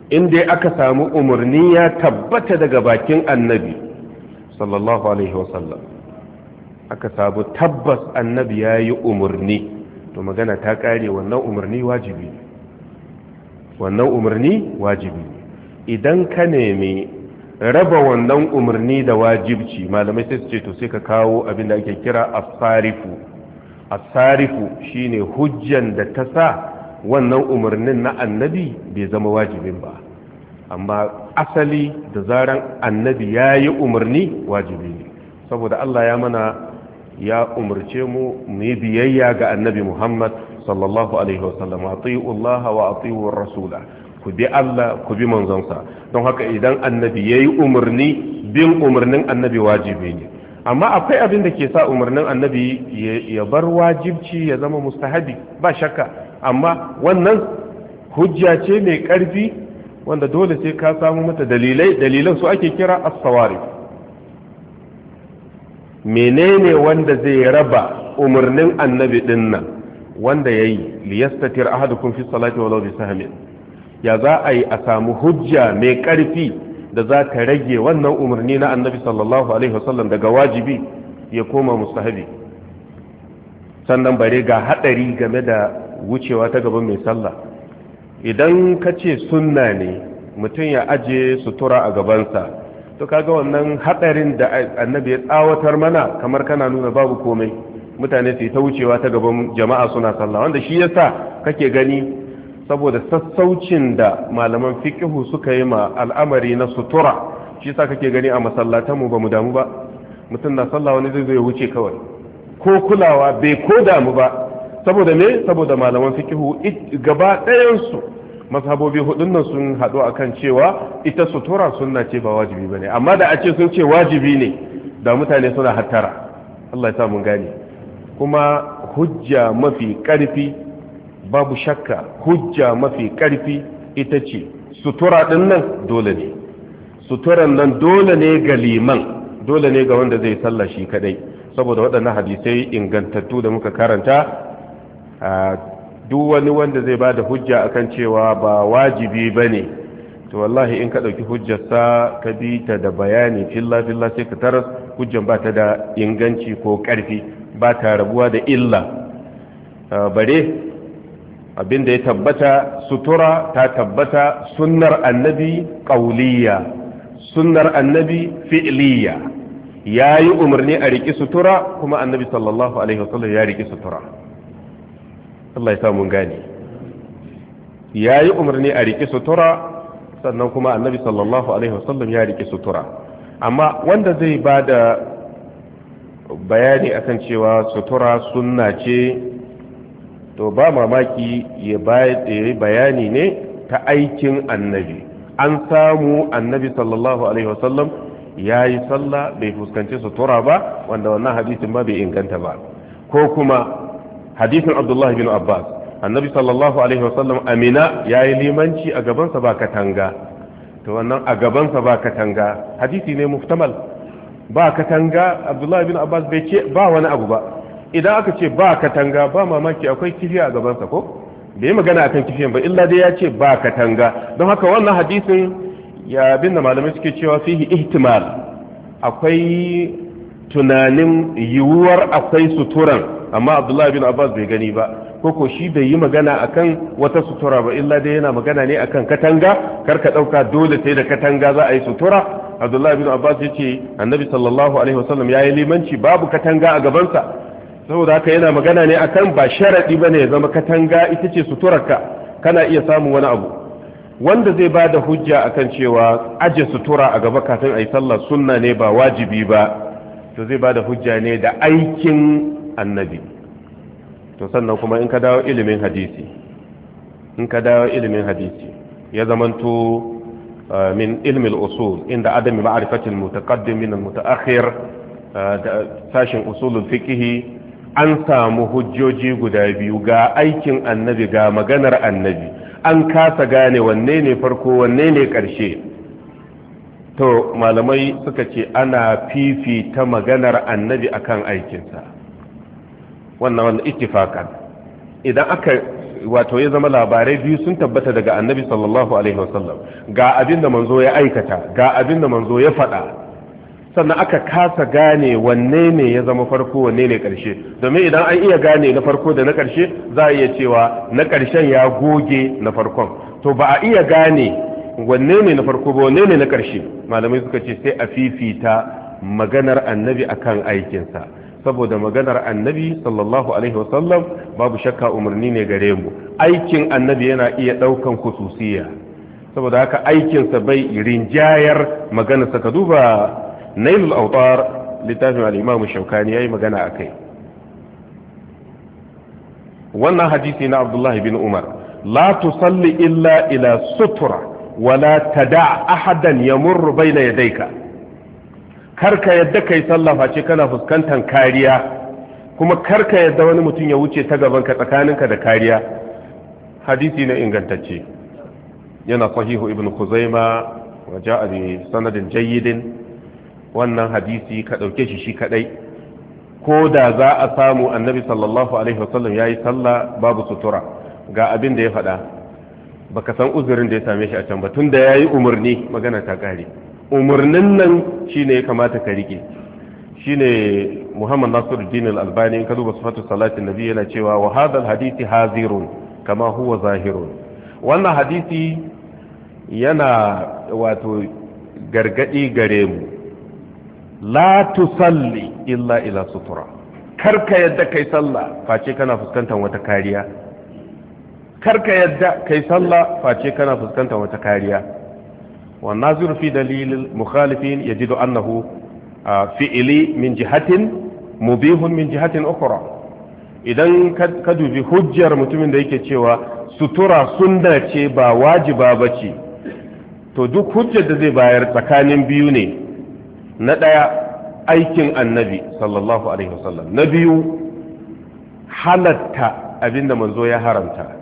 in dai aka samu umarni ya tabbata daga bakin annabi sallallahu alaihi wasallam aka sabu tabbas annabi ya yi umarni to magana ta kare wannan umarni wajibi wannan umarni wajibi idan ka nemi raba wannan umarni da wajibci malamai sai su ce to sai ka kawo abin da ake kira asarifu asarifu shine hujjan da ta sa wannan umarnin na annabi bai zama wajibin ba amma asali da zaran annabi ya yi umarni wajibi ne saboda Allah ya mana ya umarce mu mu yi biyayya ga annabi muhammad sallallahu alaihi wasallam ati'u allah wa ati'u rasula ku bi allah ku bi manzonsa don haka idan annabi yayi umarni bin umarnin annabi wajibi ne amma akwai abin da ke sa umarnin annabi ya bar wajibci ya zama mustahabi ba shakka amma wannan hujja ce mai karfi wanda dole sai ka samu mata dalilai dalilan su ake kira as-sawarif menene wanda zai raba umarnin annabi din nan wanda yayi liyastatir ahadukum fi salati walau bi sahmi ya za a yi a samu hujja mai karfi da za ta rage wannan umarni na annabi sallallahu alaihi wasallam daga wajibi ya koma mustahabi sannan bare ga hadari game da wucewa ta gaban mai sallah idan ka ce sunna ne mutum ya aje sutura a gabansa to kaga wannan hadarin da annabi ya tsawatar mana kamar kana nuna babu komai mutane su ta wucewa ta gaban jama'a suna sallah wanda shi yasa kake gani saboda sassaucin da malaman fiqhu suka yi ma al'amari na sutura shi yasa kake gani a masallatan mu bamu damu ba mutum na sallah wani zai zo ya wuce kawai ko kulawa bai ko damu ba saboda me saboda malaman fiqhu gaba ɗayan su mazhabobi hudun nan sun haɗu akan cewa ita sutura sunna ce ba wajibi bane amma da a ce sun ce wajibi ne da mutane suna hattara Allah ya sa mun gane kuma hujja mafi ƙarfi, babu shakka hujja mafi karfi ita ce sutura din nan dole ne suturan nan dole ne ga liman dole ne ga wanda zai sallah shi kadai saboda waɗannan hadisai ingantattu da muka karanta duk wani wanda zai ba da hujja akan cewa ba wajibi ne. to wallahi in ka ɗauki hujjarsa ka bi ta da bayani filla filla sai ka taras hujjan ba ta da inganci ko ƙarfi ba ta rabuwa da illa ah, bare da ya tabbata sutura ta tabbata sunnar annabi qauliya sunnar annabi fi'liya yayi umarni a riƙi sutura kuma annabi sallallahu alaihi wasallam ya riki sutura Allah ya mun gane yayi umarni a riki sutura sannan kuma annabi sallallahu alaihi wasallam ya rike sutura amma wanda zai ba da bayani akan cewa sutura sunna ce to ba mamaki ya bayani ne ta aikin annabi an samu annabi sallallahu alaihi wasallam ya yi sallah bai fuskanci sutura ba wanda wannan hadisin ba bai inganta ba ko kuma hadisin abdullahi bin abbas annabi sallallahu alaihi wasallam amina ya yi limanci a gabansa ba katanga to wannan a gabansa ba katanga hadisi ne muftamal ba katanga abdullahi bin abbas bai ce ba wani abu ba idan aka ce ba katanga ba mamaki akwai kifiya a gabansa ko bai magana akan kifiyan ba illa dai ya ce ba katanga don haka wannan hadisin ya bin da malamai suke cewa fihi ihtimal akwai tunanin yiwuwar akwai suturan amma abdullahi bin abbas bai gani ba koko shi bai yi magana akan wata sutura ba illa dai yana magana ne akan katanga kar ka dauka dole sai da katanga za a yi sutura abdullahi bin abbas ya ce annabi sallallahu alaihi wasallam ya yi limanci babu katanga a gabansa saboda haka yana magana ne akan ba sharadi ba ne ya zama katanga ita ce suturarka kana iya samun wani abu wanda zai ba da hujja akan cewa aje sutura a gaba kafin a yi sallah sunna ne ba wajibi ba to zai ba da hujja ne da aikin annabi to sannan kuma in ka dawo ilimin hadisi in ka dawo ilimin hadisi ya zamanto uh, min ilmin usul inda adami ma'arifatin mutaqaddim min mutaakhir uh, sashin usulul fiqhi an samu hujjoji guda biyu ga aikin annabi ga maganar annabi an kasa gane wanne ne farko wanne ne ƙarshe to malamai suka ce ana fifita maganar annabi akan aikinsa wannan wannan ittifaqan idan aka wato ya zama labarai biyu sun tabbata daga annabi sallallahu alaihi wasallam ga abin manzo ya aikata ga abin manzo ya faɗa sannan aka kasa gane wanne ne ya zama farko wanne ne karshe domin idan an iya gane na farko da na karshe za a iya cewa na karshen ya goge na farkon to ba a iya gane wanne ne na farko ba wanne ne na karshe malamai suka ce sai a fifita maganar annabi akan aikinsa saboda maganar annabi sallallahu alaihi wasallam babu shakka umarni ne gare mu aikin annabi yana iya ɗaukan kususiya saboda haka aikinsa bai rinjayar maganarsa ka duba nailul autar littafin al'imamu shaukani ya yi magana a kai wannan hadisi na abdullahi bin umar la tusalli illa ila sutura wala tada ahadan yamurru bayna yadayka karka yadda kai sallafa ce kana fuskantar kariya kuma karka yadda wani mutum ya wuce ta gaban ka tsakaninka da kariya hadisi na ingantacce yana sahihu ibn khuzaima wa ja'a bi sanadin jayyidin wannan hadisi ka dauke shi shi kadai ko da za a samu annabi sallallahu alaihi wasallam yayi sallah babu sutura ga abin da ya faɗa baka san uzurin da ya same shi a can ba tunda yayi umarni magana ta kare umarnin nan shine ya kamata ka rike shine Muhammad Nasiruddin dinar albani in ka duba sifatu salatin nabi yana cewa wa hadal hadisi hazirun kama huwa zahirun wannan hadisi yana wato gargadi gare mu la tusalli illa ila sutura karka yadda kai sallah face kana fuskantar wata kariya karka yadda kai sallah face kana fuskantar wata kariya والناظر في دليل المخالفين يجد أنه فعلي من جهة مبيه من جهة أخرى idan ka dubi hujjar mutumin da yake cewa sutura sunna ce ba wajiba ba ce to duk hujjar da zai bayar tsakanin biyu ne na ɗaya aikin annabi sallallahu alaihi wasallam na biyu halatta abinda manzo ya haramta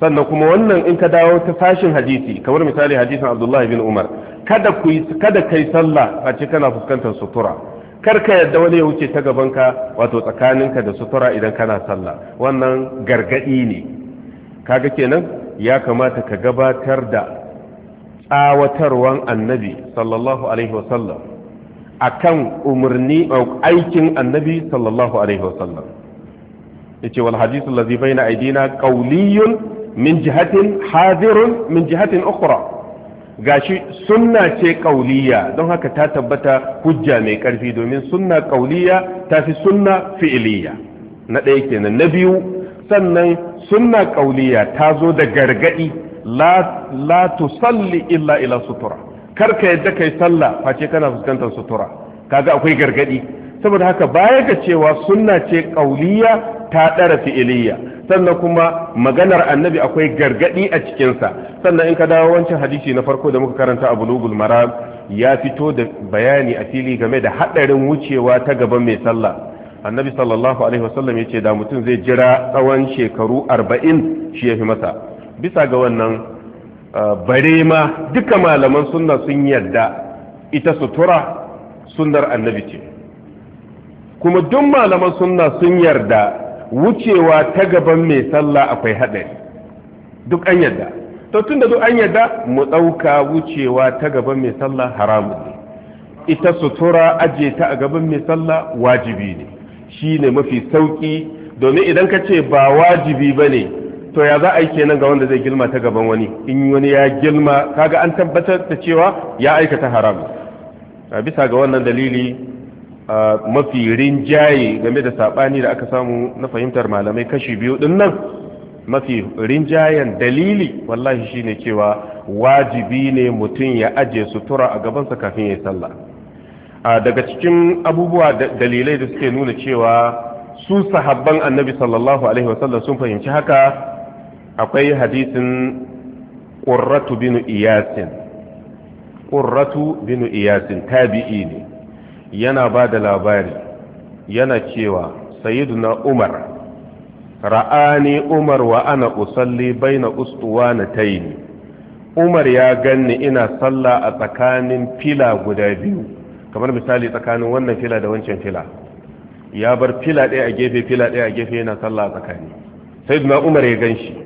sannan kuma wannan in ka dawo ta fashin hadisi kamar misali hadisin abdullah bin umar kada ku kada kai sallah a ce kana fuskantar sutura kar ka yadda wani ya wuce ta gabanka wato tsakaninka da sutura idan kana sallah wannan gargadi ne kaga kenan ya kamata ka gabatar da tsawatarwan annabi sallallahu alaihi wasallam akan umarni aikin annabi sallallahu alaihi wasallam yace wal hadithu allazi baina aydina qawliyun min jihatin hadirun min jihatin ukhra gashi sunna ce kauliya don haka ta tabbata hujja mai karfi domin sunna kauliya ta fi sunna fi'iliya na ɗaya kenan na biyu sannan sunna kauliya ta zo da gargadi la tusalli illa ila sutura karka yadda kai sallah face kana fuskantar sutura kaga akwai gargadi saboda haka baya ga cewa sunna ce kauliya ta ɗara fi'iliya sannan kuma maganar annabi akwai gargadi a cikinsa sannan in ka dawo wancan hadisi na farko da muka karanta a bulugul maram ya fito da bayani a fili game da haɗarin wucewa ta gaban mai sallah annabi sallallahu alaihi wasallam ya ce da mutum zai jira tsawon shekaru arba'in shi ya fi masa bisa ga wannan barema, duka malaman sunna sun yarda ita sutura sunnar annabi ce kuma duk malaman sunna sun yarda wucewa ta gaban mai sallah akwai haɗari duk an yarda to tun da duk an yarda mu ɗauka wucewa ta gaban mai sallah haramu ne ita sutura aje ta a gaban mai sallah wajibi ne shi ne mafi sauƙi domin idan ka ce ba wajibi ba ne to ya za a yi kenan ga wanda zai gilma ta gaban wani in wani ya gilma kaga an tabbatar da cewa ya aikata haramu bisa ga wannan dalili mafi rinjaye game da saɓani da aka samu na fahimtar malamai kashi biyu din nan mafi rinjayen dalili wallahi shine cewa wajibi ne mutum ya aje sutura a gabansa kafin ya yi sallah daga cikin abubuwa dalilai da suke nuna cewa su sahabban annabi sallallahu alaihi wasallam sun fahimci haka akwai hadisin qurratu binu iyasin ƙurratu binu iyasin tabi'i ne yana ba da labari yana cewa sayyiduna umar ra'ani umar wa ana usalli baina na taini umar ya ganni ina salla a tsakanin fila guda biyu kamar misali tsakanin wannan fila da wancan fila ya bar fila ɗaya a gefe fila ɗaya a gefe yana sallah a tsakani sayyiduna umar ya gan shi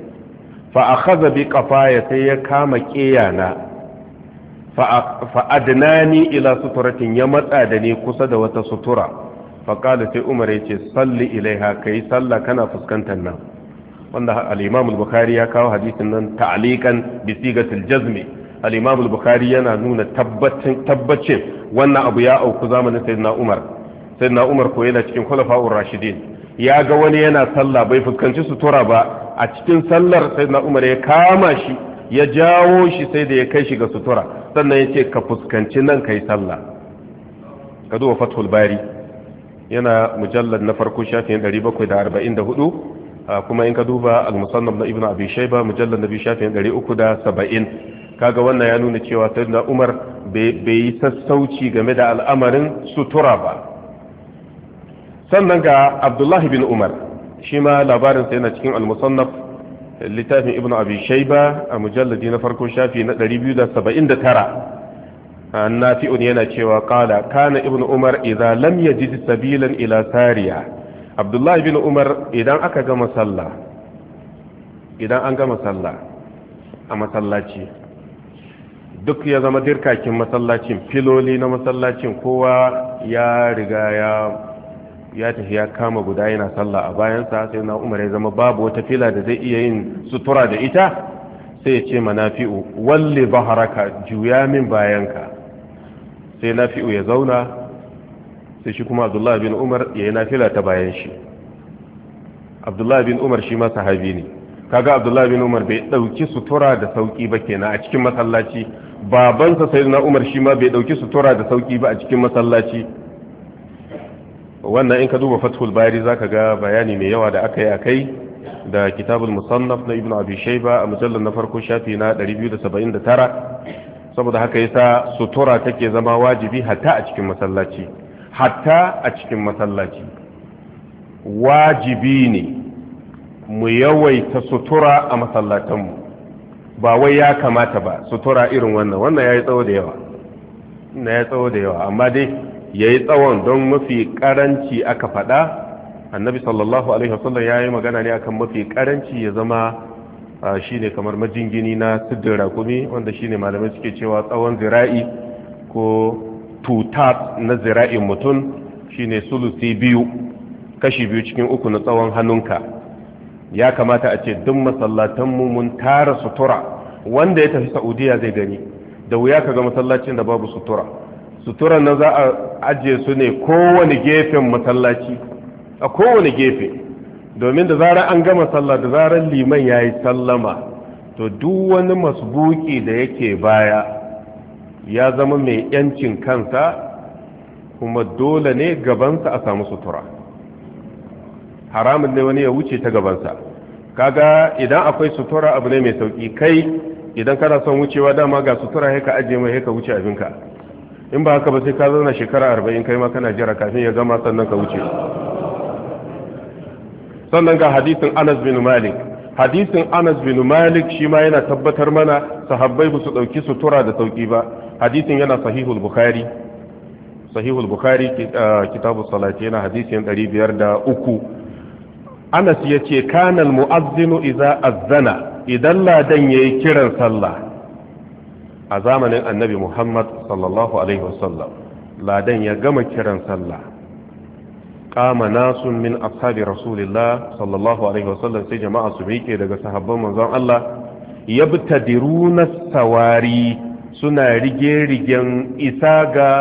fa akhadha bi qafaya sai ya kama na. fa'adnani ila suturatin ya matsa da ni kusa da wata sutura faƙada sai umar ya ce salli ilaiha ka yi salla kana fuskantar nan wanda al'imamul bukari ya kawo hadisin nan ta'alikan ga tiljazmi. al'imamul bukari yana nuna tabbacin wannan abu ya auku zamanin sayyidina umar sayyidina umar ko yana cikin kwalafa'un rashidin ya ga wani yana sallah bai fuskanci sutura ba a cikin sallar sayyidina umar ya kama shi ya jawo shi sai da ya kai shi ga sutura sannan ya ce ka fuskanci nan ka yi sallah ka duba fathul bari yana mujallar na farko shafin 744 kuma in ka duba al-musannaf na ibnu abi shayba mujallar na biyu shafin 370 kaga wannan ya nuna cewa sayyidina umar bai yi sassauci game da al'amarin sutura ba sannan ga abdullahi bin umar shi ma labarinsa yana cikin al-musannaf littafin ibn abi shaiba a mujalladi na farko shafi na 279 nafi'un yana cewa kala kana ibn umar idza lam yajid sabilan ila sariya abdullah ibn umar idan aka gama sallah idan an gama sallah a masallaci duk ya zama dirkakin masallacin filoli na masallacin kowa ya riga ya ya tafi ya kama guda yana sallah a bayansa sai na umar ya zama babu wata fila da zai iya yin sutura da ita sai ya ce manafi'u walle baharaka juya min bayanka sai nafi'u ya zauna sai shi kuma abdullahi bin umar ya yi nafila ta bayan shi abdullahi bin umar shi ma sahabi ne kaga abdullahi bin umar bai dauki sutura da sauki ba kenan a cikin masallaci babansa na umar shi ma bai dauki sutura da sauki ba a cikin masallaci wannan in ka duba fathul bari zaka ga bayani mai yawa da aka yi a kai da kitabul musannaf na ibnu abi shayba a mujallar na farko shafi na 279 saboda haka yasa sutura take zama wajibi hatta a cikin masallaci hatta a cikin masallaci wajibi ne mu yawaita sutura a masallatanmu ba wai ya kamata ba sutura irin wannan wannan ya yi tsawo da yawa na ya tsawo da yawa amma dai ya yi tsawon don mafi karanci aka faɗa annabi sallallahu alaihi wasallam ya yi magana ne akan mafi karanci ya zama shi ne kamar majingini na siddin rakumi wanda shi ne malamai suke cewa tsawon zira'i ko tutat na zira'in mutum shi ne sulusi biyu kashi biyu cikin uku na tsawon hannunka ya kamata a ce duk masallatanmu mun tara sutura wanda ya tafi saudiya zai gani da wuya ka ga masallacin da babu sutura suturan nan za a ajiye su ne kowane gefen masallaci a kowane gefe domin da zarar an gama sallah da zarar liman ya yi sallama to duk wani masbuki da yake baya ya zama mai yancin kansa kuma dole ne gabansa a samu sutura haramun ne wani ya wuce ta gabansa kaga idan akwai sutura abu ne mai sauki kai idan kana son wucewa dama ga sutura haika ajiye mai haika wuce abinka in ba haka ba sai ka zauna shekara arba'in kai ma kana jira kafin ya gama sannan ka wuce sannan ga hadisin anas bin malik hadisin anas bin malik shi ma yana tabbatar mana sahabbai ba su ɗauki sutura da sauƙi ba hadisin yana sahihul bukhari sahihul bukhari kitabu salati yana hadisin uku anas ya ce kanal mu'azzinu iza azzana idan ladan yayi kiran sallah a zamanin annabi muhammad sallallahu alaihi wasallam ladan ya gama kiran sallah kama nasun min ashabi rasulillah sallallahu alaihi wasallam sai jama'a su miƙe daga sahabban manzon Allah ya na sawari suna rige-rigen isa ga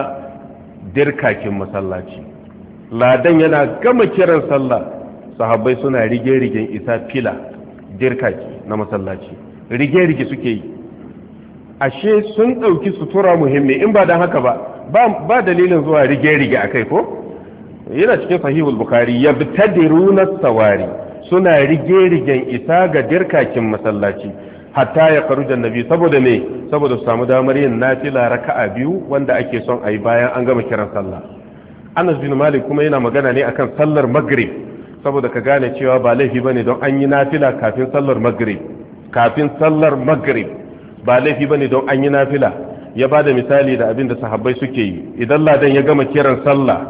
dirkakin masallaci ladan yana gama kiran sallah sahabbai suna rige-rigen isa fila dirkaki na masallaci rige-rige suke yi ashe sun ɗauki sutura muhimmi in ba don haka ba ba dalilin zuwa rige-rige a kai ko yana cikin sahihul bukari ya tadiruna sawari suna rige-rigen isa ga dirkakin masallaci hatta ya faru da nabi saboda ne saboda su samu damar yin nafila raka'a biyu wanda ake son a yi bayan an gama kiran sallah anas bin malik kuma yana magana ne akan sallar maghrib saboda ka gane cewa ba laifi bane don an yi nafila kafin sallar maghrib kafin sallar maghrib ba laifi bane don an yi nafila ya ba da misali da abin da sahabbai suke yi idan ladan ya gama kiran sallah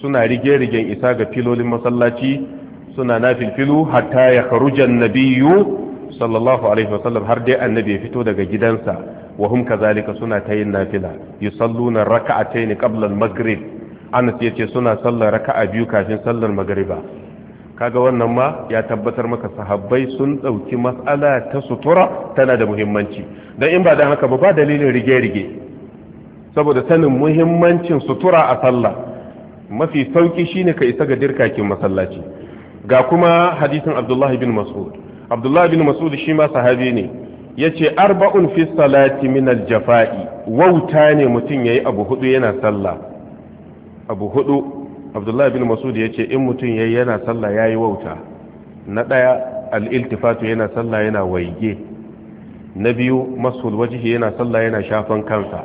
suna rige-rigen isa ga filolin masallaci suna filu, hatta ya karujan nabiyu sallallahu alaihi wasallam har dai annabi ya fito daga gidansa wa hum kazalika suna ta yin nafila yusalluna raka'atayn qabla al-maghrib anas ce suna sallar raka'a biyu kafin sallar magriba kaga wannan ma ya tabbatar maka sahabbai sun ɗauki matsala ta sutura tana da muhimmanci don in ba da haka ba ba dalilin rige-rige saboda sanin muhimmancin sutura a sallah mafi sauki shine ka isa ga dirkakin masallaci ga kuma hadisin abdullahi bin mas'ud abdullahi bin mas'ud shi ma sahabi ne ya ce arba'un fi salati min aljafa'i wauta ne mutum ya yi abu hudu yana sallah abu hudu abdullahi bin masud ya ce in mutum ya yana sallah ya yi wauta na ɗaya al'iltifatu yana sallah yana waige na biyu masul wajihi yana sallah yana shafan kansa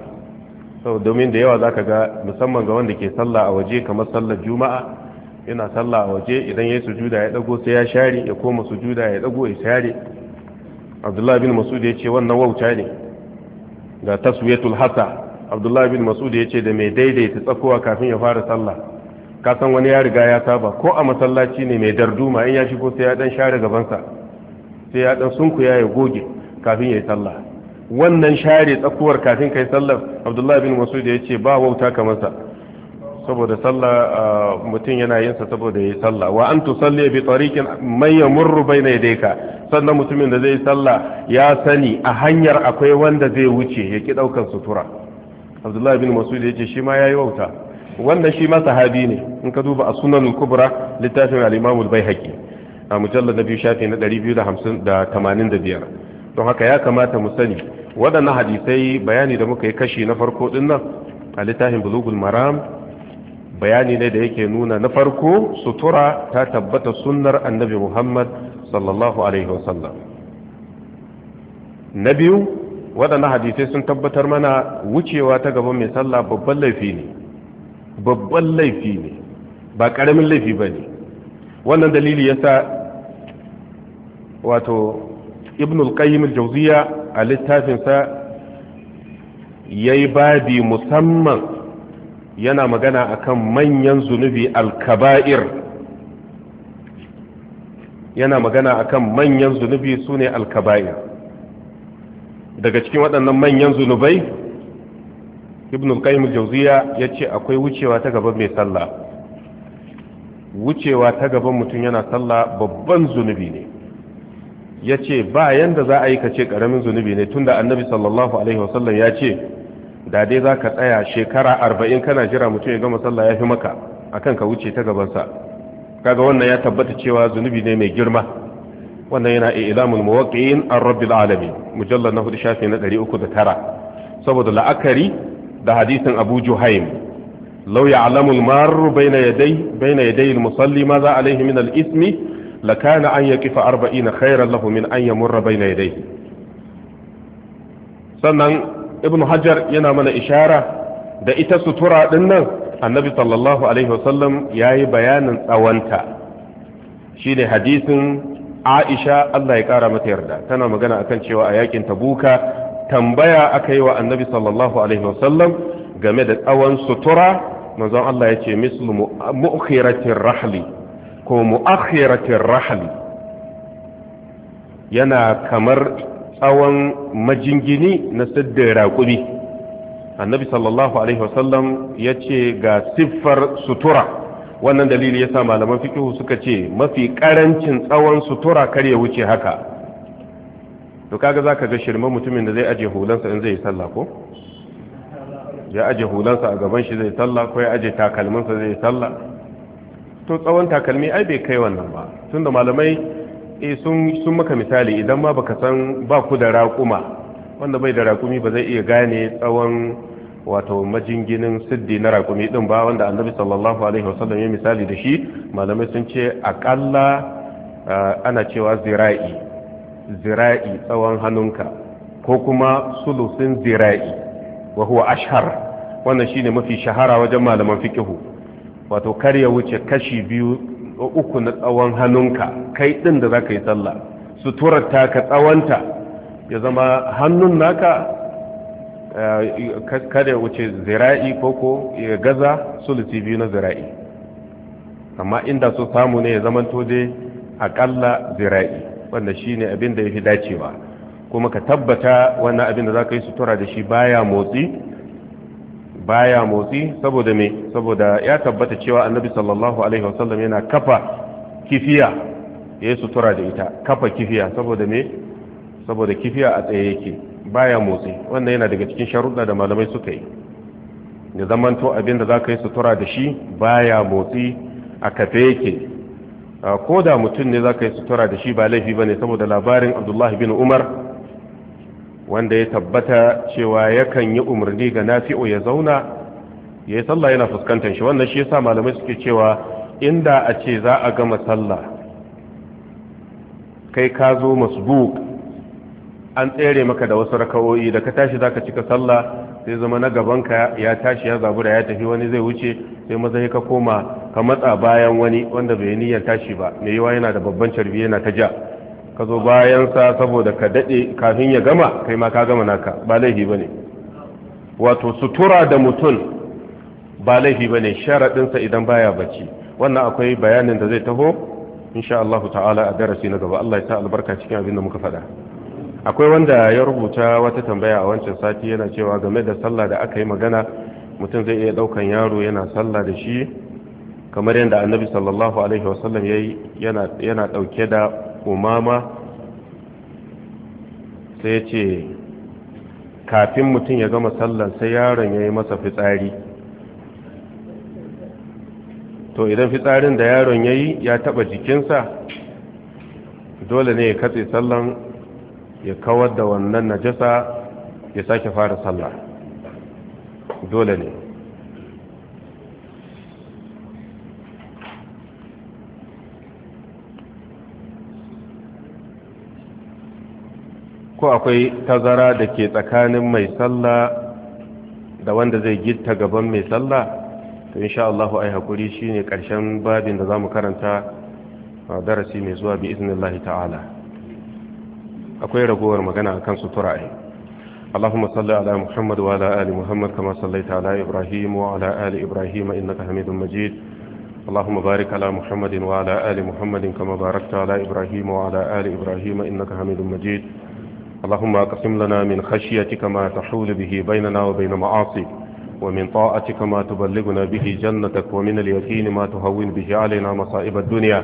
sau domin da yawa za ka ga musamman ga wanda ke sallah a waje kamar sallar juma'a yana sallah a waje idan yayi yi sujuda ya ɗago sai ya share ya koma sujuda ya ɗago ya share abdullahi bin masud ya ce wannan wauta ne ga taswiyatul hasa abdullahi bin masud ya ce da mai daidaita tsakowa kafin ya fara sallah ka san wani ya riga ya saba ko a masallaci ne mai darduma in ya shigo sai ya dan share gabansa sai ya dan sunku ya goge kafin ya yi sallah wannan share tsakuwar kafin kai sallar abdullahi bin masud ya ce ba wauta kamar sa saboda sallah mutum yana yin sa saboda yayi sallah wa an salli bi tariqin man yamurru bayna yadayka sannan mutumin da zai sallah ya sani a hanyar akwai wanda zai wuce ya ki daukar sutura abdullahi bin masud ya ce shi ma yayi wauta wannan shi ma sahabi ne in ka duba a sunan kubra littafin al bai al-baihaqi a na biyu shafi na biyar don haka ya kamata mu sani waɗannan hadisai bayani da muka yi kashi na farko din nan a littafin bulugul maram bayani ne da yake nuna na farko sutura ta tabbata sunnar annabi muhammad sallallahu alaihi wasallam na biyu waɗannan hadisai sun tabbatar mana wucewa ta gaban mai sallah babban laifi ne babban laifi ne ba ƙaramin laifi ba ne wannan dalili ya sa wato ibn al-qayyim al a littafinsa ya yi babi musamman yana magana akan manyan zunubi al-kaba'ir yana magana akan manyan zunubi su ne al-kaba'ir daga cikin waɗannan manyan zunubai ibn jauziya qayyim jawziya yace akwai wucewa ta gaban mai sallah wucewa ta gaban mutum yana sallah babban zunubi ne yace ba yanda za a yi kace karamin zunubi ne tunda annabi sallallahu alaihi wasallam ya ce da dai za ka tsaya shekara arba'in kana jira mutum ya gama sallah ya fi maka akan ka wuce ta gabansa kaga wannan ya tabbata cewa zunubi ne mai girma wannan yana ilamul muwaqqi'in ar-rabbil alamin mujallal na hudu shafi na 309 saboda la'akari da hadisin abu juhaim law ya'lamu al-marru bayna yaday bayna musalli ma za alayhi min al-ismi lakana an yaqifa 40 khayran lahu min an yamurra bayna yadayhi sannan ibnu hajar yana mana ishara da ita sutura dinnan annabi sallallahu alaihi wasallam yayi bayanin tsawanta shine hadisin Aisha Allah ya kara mata yarda tana magana akan cewa a yakin Tabuka tambaya aka yi wa annabi sallallahu alaihi wasallam game da tsawon sutura manzon Allah ya ce mislu mu'akhiratir rahli ko mu'akhiratir rahli yana kamar tsawon majingini na sidda raƙumi annabi sallallahu alaihi wasallam ya ce ga siffar sutura wannan dalili ya sa malaman fikihu suka ce mafi ƙarancin tsawon sutura kar ya wuce haka to kaga zaka ga shirme mutumin da zai aje hulansa in zai sallah ko ya aje hulansa a gaban shi zai sallah ko ya aje takalminsa zai sallah to tsawon takalmi ai bai kai wannan ba tunda malamai eh sun sun maka misali idan ma baka san ba ku da raƙuma wanda bai da raƙumi ba zai iya gane tsawon wato majinginin siddi na raƙumi din ba wanda annabi sallallahu alaihi wasallam ya misali da shi malamai sun ce aƙalla eh, ana cewa zira'i zira'i tsawon hannunka ko kuma sulusin zira'i wa huwa ashhar wannan shine mafi shahara wajen malaman fikihu wato kar ya wuce kashi biyu uku na tsawon hannunka kai din da zaka yi sallah suturar taka tsawonta ya zama hannun naka eh, kada ya wuce zira'i ko ya gaza sulusi biyu na zira'i amma inda su samu ne ya zamanto dai aƙalla zira'i wanda ne abin da ya fi dacewa kuma ka tabbata wannan abin da za ka yi sutura da shi baya motsi baya motsi saboda me saboda ya tabbata cewa annabi sallallahu alaihi wasallam yana kafa kifiya ya yi sutura da ita kafa kifiya saboda me saboda kifiya a tsaye yake baya motsi wannan yana daga cikin sharuɗa da malamai suka yi da zamanto abin da za ka yi sutura da shi baya motsi a kafe yake ko da mutum ne za ka yi sutura da shi ba laifi ba ne saboda labarin abdullahi bin umar wanda ya tabbata cewa yakan yi umarni ga nafi'u ya zauna ya yi sallah yana fuskantar shi wannan shi yasa malamai suke cewa inda a ce za a gama sallah kai ka zo masbuk an tsere maka da wasu raka'o'i da ka tashi za ka cika sallah sai zama na ka ya tashi ya da ya tafi wani zai wuce sai maza ka koma ka matsa bayan wani wanda bai niyyar tashi ba mai yiwa yana da babban carbi yana ta ja ka zo bayan sa saboda ka dade kafin ya gama kai ma ka gama naka ba laifi bane wato sutura da mutum ba laifi bane sharadin sa idan baya bacci wannan akwai bayanin da zai taho insha Allah ta'ala a darasi na gaba Allah ya sa albarka cikin abin da muka faɗa akwai wanda ya rubuta wata tambaya a wancan sati yana cewa game da sallah da aka yi magana mutum zai iya daukan yaro yana sallah da shi kamar yadda annabi sallallahu alaihi wasallam ya yana yana dauke da umama sai ya ce kafin mutum ya gama sallan sai yaron ya yi masa fitsari to idan fitsarin da yaron ya yi ya taba jikinsa dole ne ya katse sallan ya kawar da wannan najasa ya sake fara sallah dole ne ko akwai tazara da ke tsakanin mai sallah da wanda zai gita gaban mai sallah to insha Allah ai hakuri shine karshen babin da zamu karanta a darasi mai zuwa bi iznillahi ta'ala akwai ragowar magana a kan sutura ne allahumma salli ala muhammad wa ali muhammad kama sallaita ala ibrahim wa ala ali ibrahim innaka hamidun majid allahumma barik ala muhammad wa ala ali muhammad kama barakta ala ibrahim wa ala ali ibrahim innaka hamidun majid allahumma aqsim lana min khashyatika ma tahul bihi baynana wa bayna ma'asi wa min ta'atika ma tuballighuna bihi jannatak wa min al-yaqin ma tuhawwin bihi alayna masa'ib ad-dunya